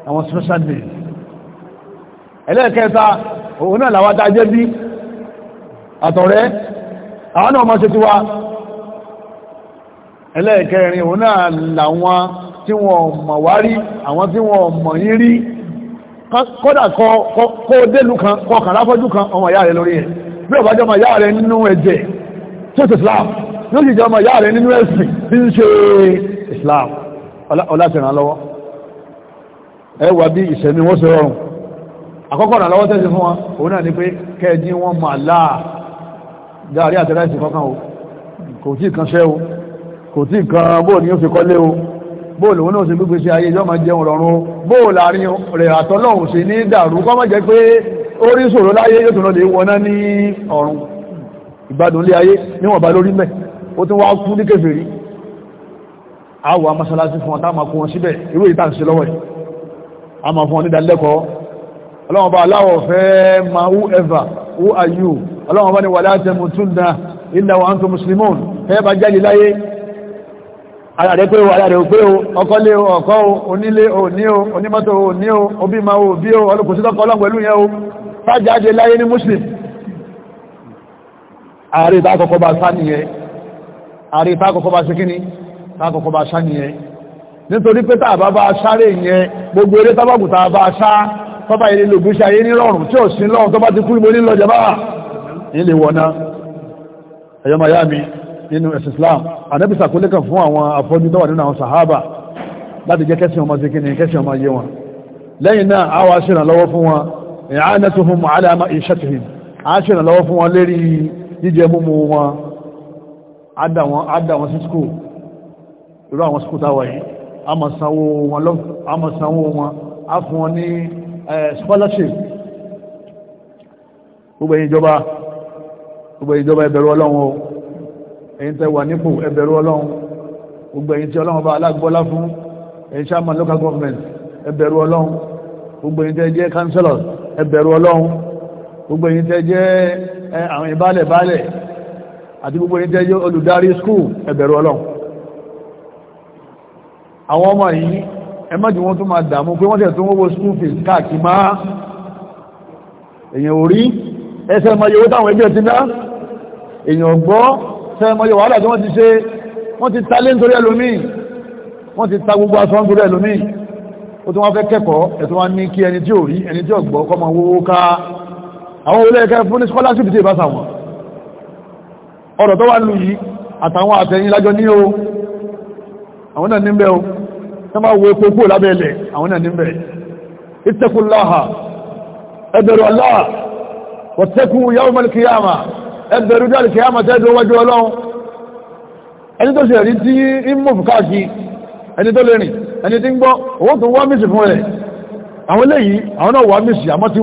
àwọn special day ẹlẹ́ẹ̀kẹta òun náà làwátá jẹ́ bí àtọ̀rẹ́ àwọn náà máa ṣe ti wá ẹlẹ́ẹ̀kẹrin òun náà làwọn tí wọ́n mọ̀ wá rí àwọn tí wọ́n mọ̀ yí rí kódà kó délù kan kọkànlá fọ́jú kan ọmọ ìyá rẹ̀ lórí ẹ̀ bí ọ̀bájọ́ ọmọ ìyá rẹ̀ nínú ẹ̀jẹ̀ tí ó ti Islam yóò sì jẹ́ ọmọ ìyá rẹ̀ nínú ẹ̀sìn tí ń ṣe Islam ọlátìrán lọ́wọ́ ẹ wà bí ìṣẹ̀mí wọ́n ṣe rọrùn àkọ́kọ́ ọ̀nà lọ́wọ́ tẹ́sí fún wọn òun náà ni pé kẹ́ẹ̀dí wọn mà láà dáàrí àtẹ́láìsì kọ́kàn o kò tí kan ṣẹ́ o kò tí kan bóò ni ó fi kọ́lé o bóò lòun náà ṣe gbígbé sí ayé ìjọba jẹun rọrùn o bóò láàrin rẹ̀ àtọ́lọ́hùn sí ní dàrú kọ́ má jẹ́ pé ó rí ṣòro láyé yóò tún lọ lè wọná ní ọ̀run ìgbádùn lé ayé níwọ̀nba lórí mẹ́ ó tún wá kú ní kèfèrí àwọ̀ amásálásí fún ọ̀tá àmàkún wọn síbẹ̀ irú ìta sí lọ́wọ́ àmà fún onídàlẹ́kọ̀ọ́ ọlọ́wọ́n bá aláwọ̀ fẹ́ ma whoever who are you ọlọ́wọ́n bá ní wà láti mú tún dá illa wa antum muslimun ẹ bá jáde láyé ara rẹ̀ pé o ara rẹ̀ pé o ọkọ́lé o ọkọ́ o onílé o ní o onímọ́tò o ní o obí ma o bí o ọlọ́kùnsítọ́kọ́ ọlọ́gbẹ̀lú yẹn o bá jáde láyé ní muslim ààrẹ ìbá kọ́kọ́ bá sá nìyẹn àrí ìtàkọ̀kọ́ bá ṣe kíní ìtàkọ̀kọ́ bá ṣá nìyẹn nítorí pé tàbá bá ṣáré yẹn gbogbo eré tábàkùtà bá ṣá tọ́bà ilé lògbé ṣe ayé nírọ̀rùn tí ò sí lọ́rùn tó bá ti kú ìbò nílọ Islam anẹ́bìsà kó lẹ́kàn fún àwọn afọ́jú tó wà nínú àwọn sahaba láti jẹ́ kẹ́sìn ọmọ sí kíni kẹ́sìn ọmọ yé wọn lẹ́yìn náà a alama ìṣẹ́tùhìn a ṣèrànlọ́wọ́ fún wọn lérí àdà wọn sí skúù irú àwọn skúù táwà yìí a mọ̀ sanwó wọn lọ a scholarship gbogbo ìjọba gbogbo ìjọba ẹbẹ̀rù ọlọ́run o èyí tẹ wà nípò ẹbẹ̀rù ọlọ́run gbogbo èyí tí ọlọ́run bá alágbọ́lá fún èyí chairman local government ẹbẹ̀rù ọlọ́run gbogbo èyí tẹ jẹ́ councillor ẹbẹ̀rù ọlọ́run gbogbo èyí tẹ jẹ́ àwọn ìbálẹ̀ àti gbogbo ní tẹ́jọ́ olùdarí skúù ẹ bẹ̀rù ọlọ́run àwọn ọmọ yìí ẹ má jù wọ́n tún máa dààmú pé wọ́n tẹ̀ tó wọ́wọ́ skúù fi káàkiri máa èyàn orí ẹsẹ̀ mọ́yẹ owó táwọn ẹgbẹ́ ti dá èyàn gbọ́ sẹ́ mọ́yẹ wàhálà tí wọ́n ti ṣe wọ́n ti ta lé nítorí ẹlòmíì wọ́n ti ta gbogbo aṣọ nítorí ẹlòmíì ó tún wá fẹ́ kẹ́kọ̀ọ́ ẹ̀tún wá ní kí ẹni tí ò rí ẹni tí ò gbọ́ kọ́ mọ owó ká àwọn olóyẹ̀kẹ́ fún ní scholarship tí ì ọ̀rọ̀ tó wà lù yìí àtàwọn àtẹ̀yìn lájọ ní o àwọn náà níbẹ̀ o tó bá wo epo kúrò lábẹ́ ilẹ̀ àwọn náà níbẹ̀ ìtẹ́kùláhà ẹbẹ̀rù aláà wọ̀tẹ́kù yawmal kìyàmà ẹbẹ̀rù jáde kìyàmà tẹ́ẹ̀dọ̀ wájú ọlọ́run ẹni tó ṣe rí tí ń mú káàkiri ẹni tó lè rìn ẹni tí ń gbọ́ owó tó wá mìsì fún rẹ̀ àwọn eléyìí àwọn náà wá mìsì àmọ́ tí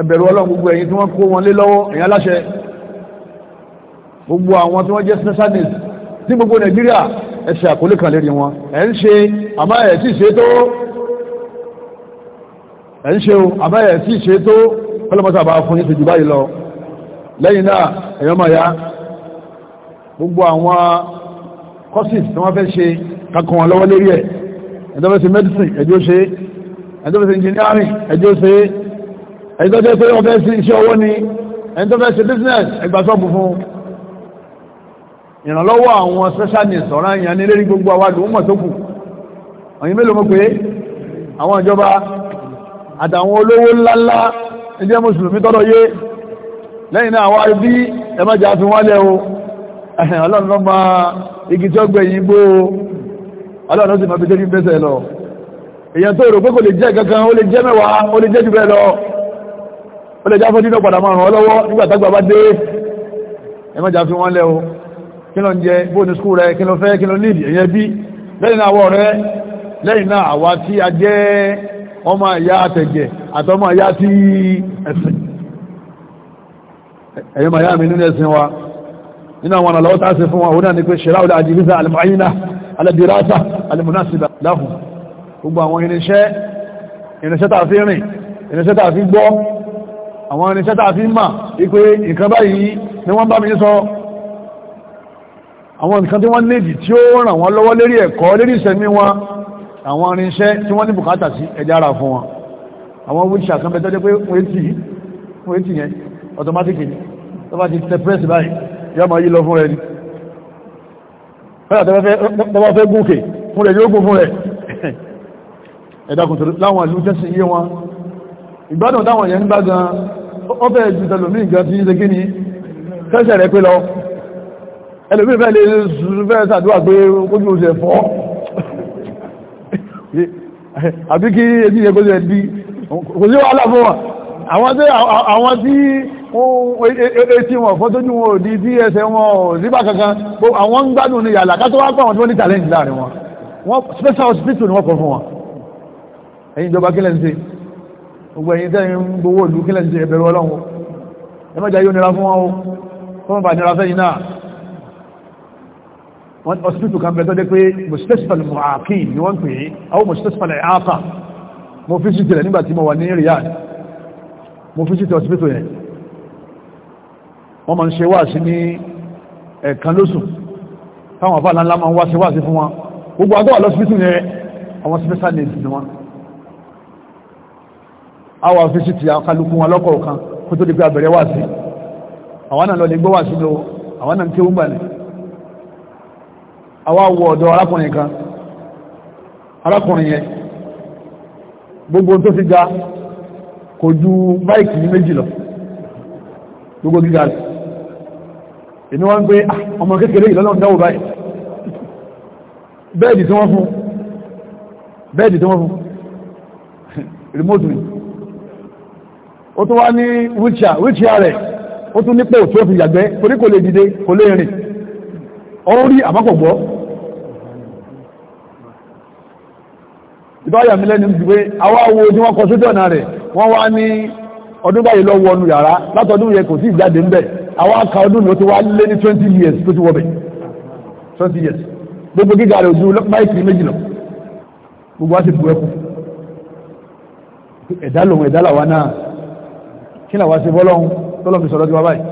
ẹbẹ̀rù ọlọ́run gbogbo ẹ̀yin tí wọ́n kó wọn lé lọ́wọ́ èyàn aláṣẹ gbogbo àwọn tí wọ́n jẹ́ specialist tí gbogbo nàìjíríà ẹ̀ṣẹ̀ àkólé kan lérí wọn ẹ̀ ń ṣe àmọ́ ẹ̀ tí ṣe tó ẹ̀ ń ṣe o àmọ́ ẹ̀ tí ṣe tó ọlọ́mọta bá fún yín ti báyìí lọ lẹ́yìn náà èyàn máa ya gbogbo àwọn courses tí wọ́n fẹ́ ṣe kakọ̀ wọn lọ́wọ́ lérí ẹ̀ ẹ̀dọ́fẹ́sẹ̀ medicine ẹjọ́ ṣe ẹ̀dọ́fẹ́sẹ̀ engineering ẹjọ́ ṣe ẹni tó jẹ́ pé wọ́n fẹ́ sí iṣẹ́ ọwọ́ ni ẹni fẹ́ ṣe business ẹgbà sọ́ọ̀bù fún ìrànlọ́wọ́ àwọn special needs ọ̀rọ̀ àyàn ní lérí gbogbo àwádù mọ̀ tó kù ọ̀yìn mélòó mọ̀ pé àwọn ìjọba àtàwọn olówó ńláńlá ẹjẹ́ mùsùlùmí tọ́lọ̀ yé lẹ́yìn náà wá bí ẹmọ́jà fi wọ́n lẹ́ o ọlọ́run ló mọ igi tí ó gbẹ̀yìn gbó ọlọ́run sì mọ̀ bí tẹ́jú bẹ́sẹ̀ lọ èèyàn tó rò pé kò lè jẹ́ kankan ó lè jẹ́ mẹ́wàá ó lè jẹ́ jù bẹ́ẹ̀ lọ ó lè jáfọ́ dínà padà máa ràn ọ́ lọ́wọ́ nígbàtàgbà bá dé ẹmọ́jà fi wọ́n lẹ́ o kí ló ń jẹ bóòdì skú rẹ kí ló fẹ́ kí ló ní ìyẹn bí lẹ́yìn náà àwọ̀ rẹ lẹ́yìn náà àwa tí a jẹ́ ọmọ ìyá àtẹ̀jẹ̀ àtọmọ ìyá tí ẹ̀sìn ẹ̀yẹ́ màá yá mi nínú ẹ̀sìn wa nínú àwọn àlọ́ irinṣẹ́ irinṣẹ́ rìn irinṣẹ́ tàà gbọ́ àwọn irinṣẹ́ tàà fi ń mà wípé nǹkan báyìí ni wọ́n bá mi sọ àwọn nǹkan tí wọ́n nídìí tí ó ràn wọ́n lọ́wọ́ lérí ẹ̀kọ́ lérí ìṣẹ̀mí wọn àwọn irinṣẹ́ tí wọ́n ní bùkátà sí ẹja ara fún wọn àwọn wíṣà ìgbádùn táwọn yẹn ń bá gan ọbẹ̀ jù tẹ̀lómí nǹkan tí ṣe kíni tẹ́ṣẹ̀ rẹ̀ pé lọ ẹlòmí fẹ́ lè fẹ́ sàdúwà pé kójú oṣù ẹ̀fọ́ àbí kí èdè yẹ kójú ẹ̀dí kò sí wàhálà fún wọn àwọn tí etí wọn fọ́ tójú wọn ò di tí ẹsẹ̀ wọn ò rí bá kankan àwọn ń gbádùn ní yàrá ká tó wá pàwọn tí wọ́n ní talent láàrin wọn wọ́n special hospital ni wọ́n kọ fún wọn ẹ̀yin ìjọba kílẹ̀ ń ṣe gbogbo ẹ̀yin tẹ́yìn ń gbowó ìlú kílẹ̀ ti ẹ̀bẹ̀rẹ̀ ọlọ́run ẹ mọ́jà yóò nira fún wọn o fún ọba nira fẹ́yìn náà wọ́n ọ̀sìpìtù kan bẹ̀ tó dé pé mustapha muhaki ni wọ́n pè é àwọn mustapha ẹ̀áka mo fi sí tẹ̀lẹ̀ nígbà tí mo wà ní Riyadh mo fi sí tẹ̀ ọ̀sìpìtù yẹn wọ́n máa ń ṣe wáàsí ní ẹ̀ẹ̀kan lóṣù táwọn àbá ńláńlá máa ń wá ṣe wáàsí fún wọn gbogbo àgọ́ àwọn fíṣì ti àkàlùkù wọn lọ́kọ̀ kan kó tó di pé àbẹ̀rẹ̀ wà sí àwọn náà lọ lè gbọ́ wà sí lówó àwọn náà tí ó ń gbà ní àwọn àwọ̀ ọ̀dọ̀ arákùnrin kan arákùnrin yẹn gbogbo tó ti ga kò ju báìkì ní méjì lọ gbogbo gíga rẹ̀ èmi wọ́n pé ah, ọmọ kékeré ìlọ́lọ́ dáwò báyìí bẹ́ẹ̀dì tí wọ́n fún remote ó tún wá ní wíṣà wíṣà rẹ̀ ó tún nípò tí ó fi yàgbẹ́ torí kò lè dìde kò lè rìn ọrún rí àmọ́kọ̀gbọ́ ìbáyà mi lẹ́nu ti pé awáwo tí wọ́n kọ sójú ọ̀nà rẹ̀ wọ́n wá ní ọdún báyìí lọ wọnú yàrá látọdún yẹ kò sí ìjáde ń bẹ̀ àwọn aka ọdún ló ti wá lé ní 20 years tó ti wọ́bẹ̀ 20 years gbogbo gíga rẹ̀ ojú máìkì méjì lọ gbogbo wá sí bu ẹkù ẹ̀dá lòun ẹ̀dá làwa náà kí làwọn ṣe bọ́lọ́hun tọ́lọ́mí sọ̀rọ̀ ti wá báyìí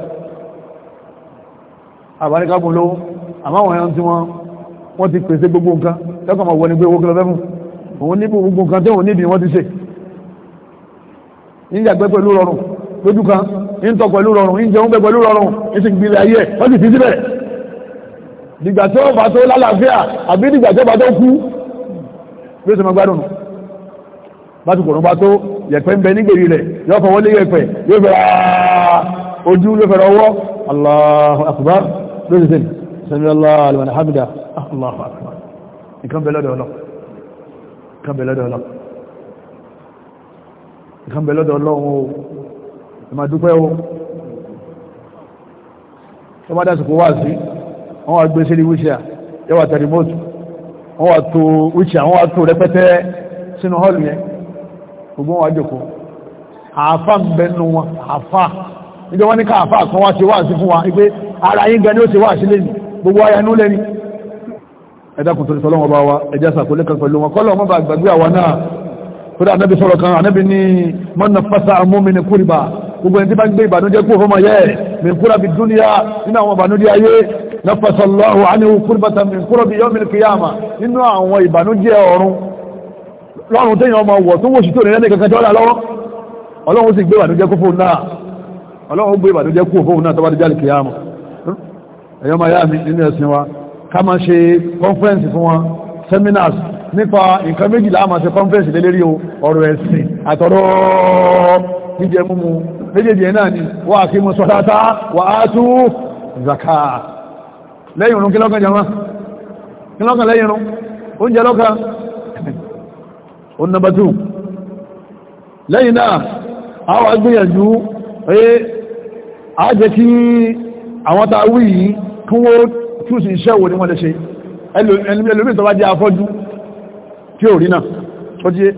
àbáríkágun lówó àmáwọn ẹran tí wọ́n ti pèsè gbogbo nǹkan tẹ́kọ̀ ma wọ ní pé owó kílọ fẹ́fún òun ní gbogbo nǹkan tí òun níbi wọ́n ti ṣe ìjàgbẹ́ pẹ̀lú rọrùn lójú kan ìntọ́ pẹ̀lú rọrùn ìjẹun pẹ̀lú rọrùn ìsì gbìlẹ̀ ayé wọ́n sì fi síbẹ̀ dìgbà tí ó bá tó lálàáfíà àbí dìgbà tí ó bá tó kú bí ó ti mọ gbádùn láti kòrò bá tó yẹ̀pẹ̀ ń bẹ nígbèrè rẹ̀ yóò fọwọ́ lé yẹ̀pẹ̀ yóò fẹ́ra ojú yóò fẹ́ra ọwọ́ Allahu akbar lórí sí sami Allah alimani hamida ah, Allahu akbar nǹkan bẹ lọ́dọ̀ Ọlọ́run o ma dúpẹ́ o tó má dásìkò wá sí wọ́n wá gbé sílé wíṣà yẹ́wà tẹ̀rìmọ́tù wọ́n wá tó wíṣà wọ́n wá tó rẹpẹtẹ sínú hall yẹn gbogbo wọn àjòkó àfá ń bẹnu wọn àfá níjọ wọ́n ní ká àfá kan wá sí wá sí fún wa ipé ara yín gan ni ó sì wá sí lẹ́ni gbogbo ayé inú lẹ́ni ẹ̀dàkùn tó sọ́lọ́wọ́ bá wa ẹjá sàkólé kan pẹ̀lú wọn kọ́lọ̀ mọ́bà gbàgbé àwa náà kódà anábi sọ̀rọ̀ kan anábi ní mọ́nà fásá amómi ní kúrìbà gbogbo ẹni tí bá ń gbé ìbànújẹ́ kú fọmọ yẹ mi kúrò bí dúnìyà nínú àwọn ìbànújẹ́ ayé lọ́fàṣọ́lọ́hùn ánìhù kúrìbàtà mi kúrò bí yọ́mìnì kìyàmà nínú àwọn ìbànújẹ́ ọ̀run lọ́rùn tẹ́yìn ọmọ wọ̀ tó wòṣì tó nìyàn kankan jọ́lá lọ́wọ́ ọlọ́run sì gbé ìbànújẹ́ kú fóun náà ọlọ́run gbé ìbànújẹ́ kú fóun náà tọ́bá díjálì kìyàmù ẹ̀yọ́ ma yá mi nínú ẹ̀sìn wa ká máa ṣe conference fún wa seminars nípa nǹkan méjìlá a máa ṣe conference lélẹ́rí ọ̀rọ̀ ẹ̀sìn àtọ̀rọ̀ jíjẹ múmu méjèèjì ẹ̀ náà ni wà á kí mo sọ dáta wà á tú zaka lẹ́yìn òun kí lọ́kàn jama kí lọ́kàn lẹ́yìn òun oúnjẹ lọ́kàn ó number two lẹ́yìn náà àwọn agbìyànjú pé a jẹ́ kí àwọn ta wí yìí kí wọ́n túsì iṣẹ́ wo ni wọ́n lè ṣe ẹlòmí tó bá jẹ́ afọ́jú tí ò rí náà tó jẹ́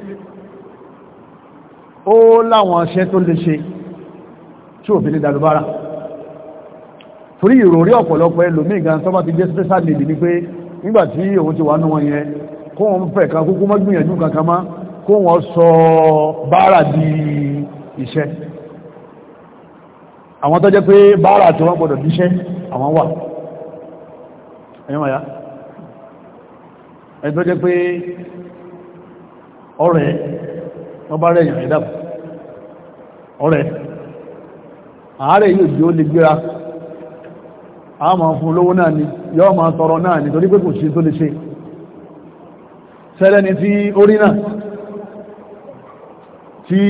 ó láwọn iṣẹ́ tó lè ṣe tí ò fi ní dalubára torí ìròrí ọ̀pọ̀lọpọ̀ ẹlòmí gan tó bá ti jẹ́ special need ni pé nígbàtí òun ti wà nú wọn yẹn kó wọn fẹ́ kan kúkú mọ́ gbìyànjú kankan má kó wọn sọ báárà di iṣẹ́ àwọn tó jẹ́ pé báárà tí wọ́n gbọ́dọ̀ díṣẹ́ àwọn wà ẹ̀yọ́mọ̀ ya ẹ̀tọ́ jẹ́ pé ọ̀rẹ́ wọ́n bá rẹ̀ yàn ìdàbò ọ̀rẹ́ ààrẹ yóò jí lè gbéra a máa fún olówó náà ni yọ́ máa tọrọ náà ni torí pé kò sí tó lè ṣe sẹ́lẹ̀ ni tí ó rí náà tí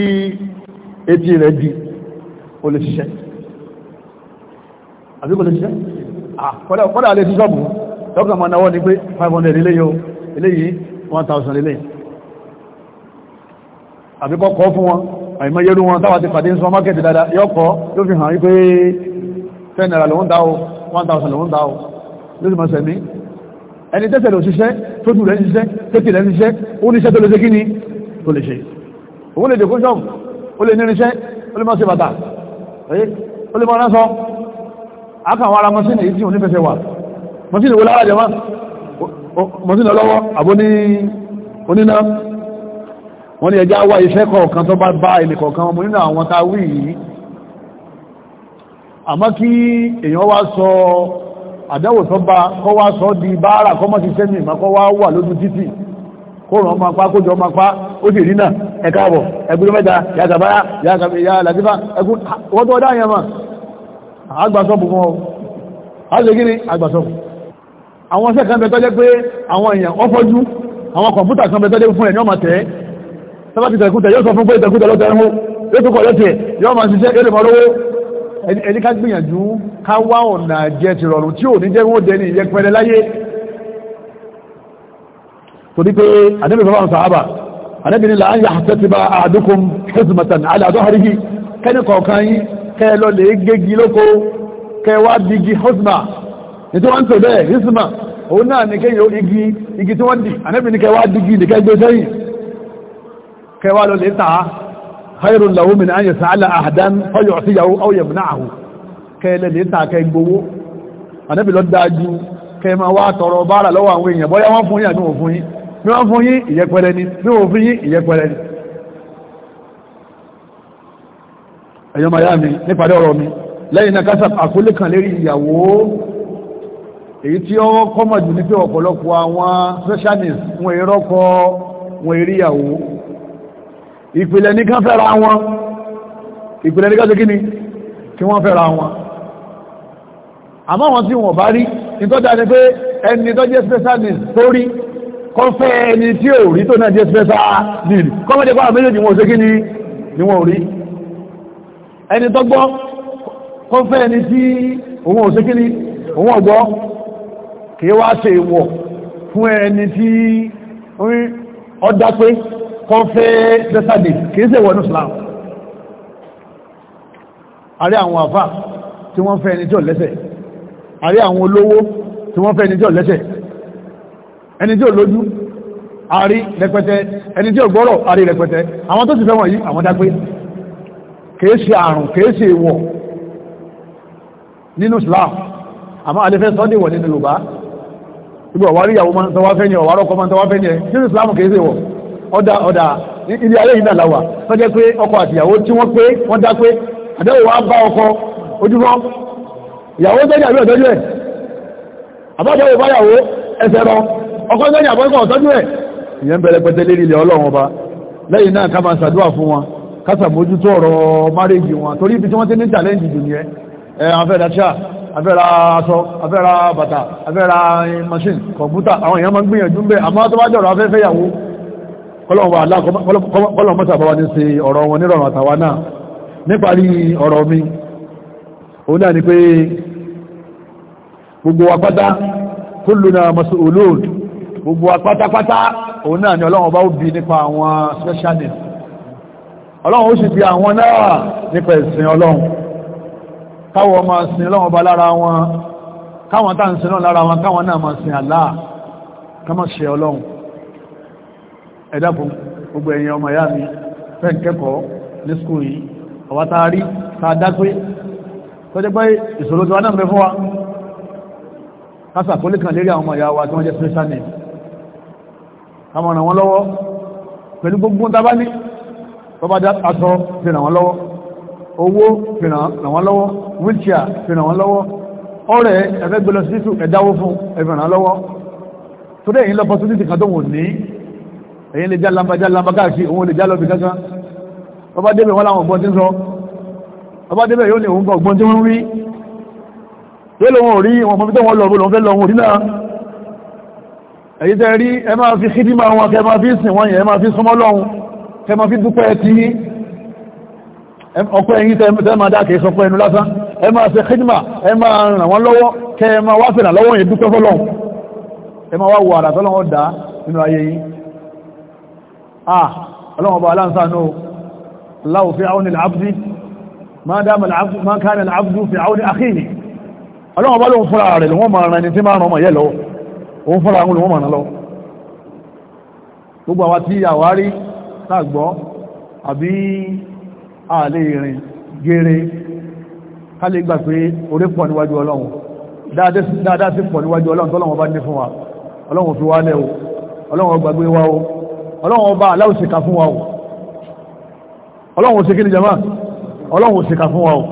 etí rẹ̀ di o lè ṣiṣẹ́ àbí kò lè ṣiṣẹ́ kọ́dà lè ti sọ́bù lọ́kàn ma náwọ́ ni pé 500 ilé yóò ilé yìí 1000 ilé àbí kọ́kọ́ fún wọn àìmọ́ yẹ́rú wọn táwà ti pàdé ń sọ mákẹ̀tì dada yọ́kọ́ yóò fi hàn wípé 10 naira lòun dáwó 1000 lòun dáwó lóṣùmọ̀sẹ̀mí ẹni tẹ́sẹ̀ lọ ṣiṣẹ́ tójú rẹ̀ ṣiṣẹ́ tẹ́tì rẹ̀ ṣiṣẹ́ ó ní iṣẹ́ tó lè ṣe kí ni tó lè ṣe òun lè dèkó ṣọ́ọ̀bù ó lè nírinṣẹ́ ó lè máa ṣe bàtà ó lè máa ránṣọ akàwọn ara mọ́sínì èyí tí òun nífẹ̀ẹ́ wà mọ́sínì wo lára jẹmọ́ mọ́sínì ọlọ́wọ́ àbó ní oníná wọ́n ní ẹjá wá iṣẹ́ kọ̀ọ̀kan tó bá bá ẹnì kọ̀ọ̀kan ọmọ nínú àwọn tá wí yìí àmọ́ kí èèyàn wá sọ àdáwò tó bá kọ́ wá sọ di báárà kọ́ mọ́ ti sẹ́mì ìmá kọ́ wá wà lójú títì kóòrùn ọmọ apá kójọ ọmọ apá ó sì rí náà ẹ̀ka àbọ̀ ẹgbẹ̀rún mẹ́ta yàtàbáyá yàtàbáyá làtífà ẹkùn wọ́n tó ọdá àyàn máa àgbàsọ́bù fún ọ aṣègírí àgbàsọ́bù àwọn iṣẹ́ kan bẹ̀tọ́ jẹ́ pé àwọn èèyàn ọfọ́jú àwọn kọ̀mpútà kan bẹ̀tọ́ jẹ́ fún ẹ̀ ní ọmọ tẹ́ sábàtì tẹ̀kútẹ̀ yóò sọ fún ṣiṣẹ́ eré lówó ẹni ká gbìyànjú ká wá ọ̀nà jẹ ti rọrùn tí ò ní jẹ́ wọ́n dẹni ìyẹ́ pẹ̀lẹ̀ láyé torí pé ànábì sọ́wọ́n sàábà ànábì ní láàáyà àtẹ́tìbà àdúkùn hizmatan aláàdọ́hàrígì kẹ́ni kọ̀ọ̀kan yí kẹ́ khairun lahu min an yas'ala ahadan fayu'tiyahu aw yamna'ahu kele le ta ke gbowo anabi ló dájú ke ma wá tọrọ bara lọ́wọ́ àwọn èyàn bóyá wọ́n fún yín àbí wọ́n fún yín bí wọ́n ni ni mi èyí tí pé ọ̀pọ̀lọpọ̀ ìpìlẹ̀ nìkan fẹ́ra wọn ìpìlẹ̀ nìkan ṣe kí ni kí wọ́n fẹ́ra wọn àmọ́ wọn tí wọ́n bá rí nítọ́jà ni pé ẹni tó jẹ́ special need tó rí kọ́ fẹ́ ẹni tí ò rí tó náà jẹ́ special need kọ́ mọ́ jẹ́ pàwọn méjèèjì wọn ṣe kí ni ni wọ́n rí ẹni tó gbọ́ kọ́ fẹ́ ẹni tí òun ò ṣe kí ni òun ọ̀gbọ́ kì pé kọ́ fẹ́ sẹ́sàdì kìí ṣe wọ̀nú islam àrí àwọn àfà tí wọ́n fẹ́ ẹni tí ò lẹ́sẹ̀ àrí àwọn olówó tí wọ́n fẹ́ ẹni tí ò lẹ́sẹ̀ ẹni tí ò lójú àrí rẹpẹtẹ ẹni tí ò gbọ́rọ̀ àrí rẹpẹtẹ àwọn tó sì fẹ́ wọ̀nyí àwọn dápé kìí ṣe àrùn kìí ṣe ìwọ̀ nínú islam àmọ́ alẹ́fẹ́ sọ́dẹ̀ wọ̀ nínú yorùbá ibò àwárí ìyàwó máa ìwọ̀ ọ̀dà ọ̀dà ilé ayé yìí náà làwà wọ́n jẹ́ pé ọkọ àtìyàwó tí wọ́n pé wọ́n dá pé àdáwò wa bá ọkọ ojúmọ́ ìyàwó tọ́jú àbí ọ̀tọ́jú ẹ̀ àbájáwò báyàwó ẹsẹ̀ rọ ọkọ tọ́jú àbọ́kọ̀ ọ̀tọ́jú ẹ̀ ìyẹn bẹ̀rẹ̀ pẹ̀tẹ́ lérí ilẹ̀ ọlọ́run ọba lẹ́yìn náà ká máa ṣàdúrà fún wọn ká ṣàmójútó ọ̀rọ̀ márèjì wọn torí ibi tí wọ́n ti ní challenge jù nìyẹn ẹ afẹ́ra ṣá afẹ́ra aṣọ afẹ́ra bàtà afẹ́ra machine kọ̀mpútà àwọn èèyàn máa ń gbìyànjú bẹ́ẹ̀ àmọ́ tó bá jọ̀rọ̀ afẹ́fẹ́ yàwó kọlọ̀wọ̀ aláàkọlọ̀mọ́sàbáwá ní ṣe ọ̀rọ̀ wọn nírọ̀rùn àtàwà náà níparí ọ̀rọ̀ mi o náà ni pé gbogbo wa pátá kulluna mas'ulun gbogbo wa pátápátá o náà ni ọlọ́run bá ó bí nípa àwọn specialist ọlọ́run ó sì bí àwọn náà nípa ìsìn ọlọ́run káwọn ọmọ sin ọlọ́run ọba lára wọn káwọn táà ń sin ọlọ́run lára wọn káwọn náà máa sin Allah ká má ṣe ẹ̀dàkùn gbogbo ẹ̀yìn ọmọ ìyá mi fẹ́ kẹ́kọ̀ọ́ ní skúù yìí àwa tá rí tá a dápé pé ìṣòro tí wọ́n náà fẹ́ wa kásà kólé kan lérí àwọn ọmọ ìyá wa tí wọ́n jẹ́ special need àmọ́ ràn wọ́n lọ́wọ́ pẹ̀lú gbogbo tá a bá ní bọ́bá aṣọ fi wheelchair fi ràn wọ́n lọ́wọ́ ọ̀rẹ́ ẹ̀fẹ́ gbẹlọ sí ẹ̀dáwó fún ẹ̀fẹ́ ràn lọ́wọ́ torí èyí lọ́pọ̀ tó ti kàn tó èyí lè jálamba jálamba káàkiri òun lè jálọ́bì kankan ọba débẹ̀ wọ́n láwọn ọgbọ́n tí ń sọ ọba débẹ̀ yóò ní òun kọ ọgbọ́n tí wọ́n rí yóò lọ wọn ò rí wọn mọ́bí tó wọ́n lọ bó lọ́n fẹ́ lọ wọn rí náà èyí tẹ́ rí ẹ máa fi ṣídí máa wọn kẹ máa fi wá fẹ̀ràn àràtọ́lọ́wọ́ dá nínú ayé yìí Ah, ọlọ́wọ́ bá aláǹsánú láwò fi àwọn ìlàábdí ma dáma ma káàrin ìlàábdú fi àwọn àkíyì ọlọ́wọ́ bá lóun fúra rẹ̀ lọ́wọ́ mara ní tí máa rán ọmọ yẹ́ lọ oun fúra àwọn olùwọ́n mara lọ gbogbo àwọn tí àwárí tàgbọ́ àbí ààlè ìrìn gẹ́rẹ́ ká lè gbà pé orí pọ̀ níwájú ọlọ́run dáadáa sí pọ̀ níwájú ọlọ́run ọlọ́run ọba aláwọ̀ ṣe ká fún wa o ọlọ́run ò ṣe kí ni jama ọlọ́run ò ṣe ká fún wa o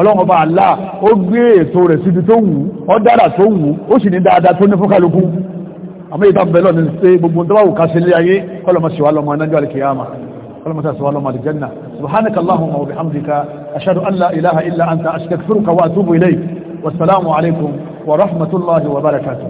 ọlọ́run ọba àlá ó gbé ètò rẹ̀ síbi tó wù ó dára tó wù ó sì ní dáadáa tó ní fún kálukú àmọ́ ìta bẹ̀lọ́ ní pé gbogbo tó bá wù ká sílé ayé kọlọmọsíwá lọmọ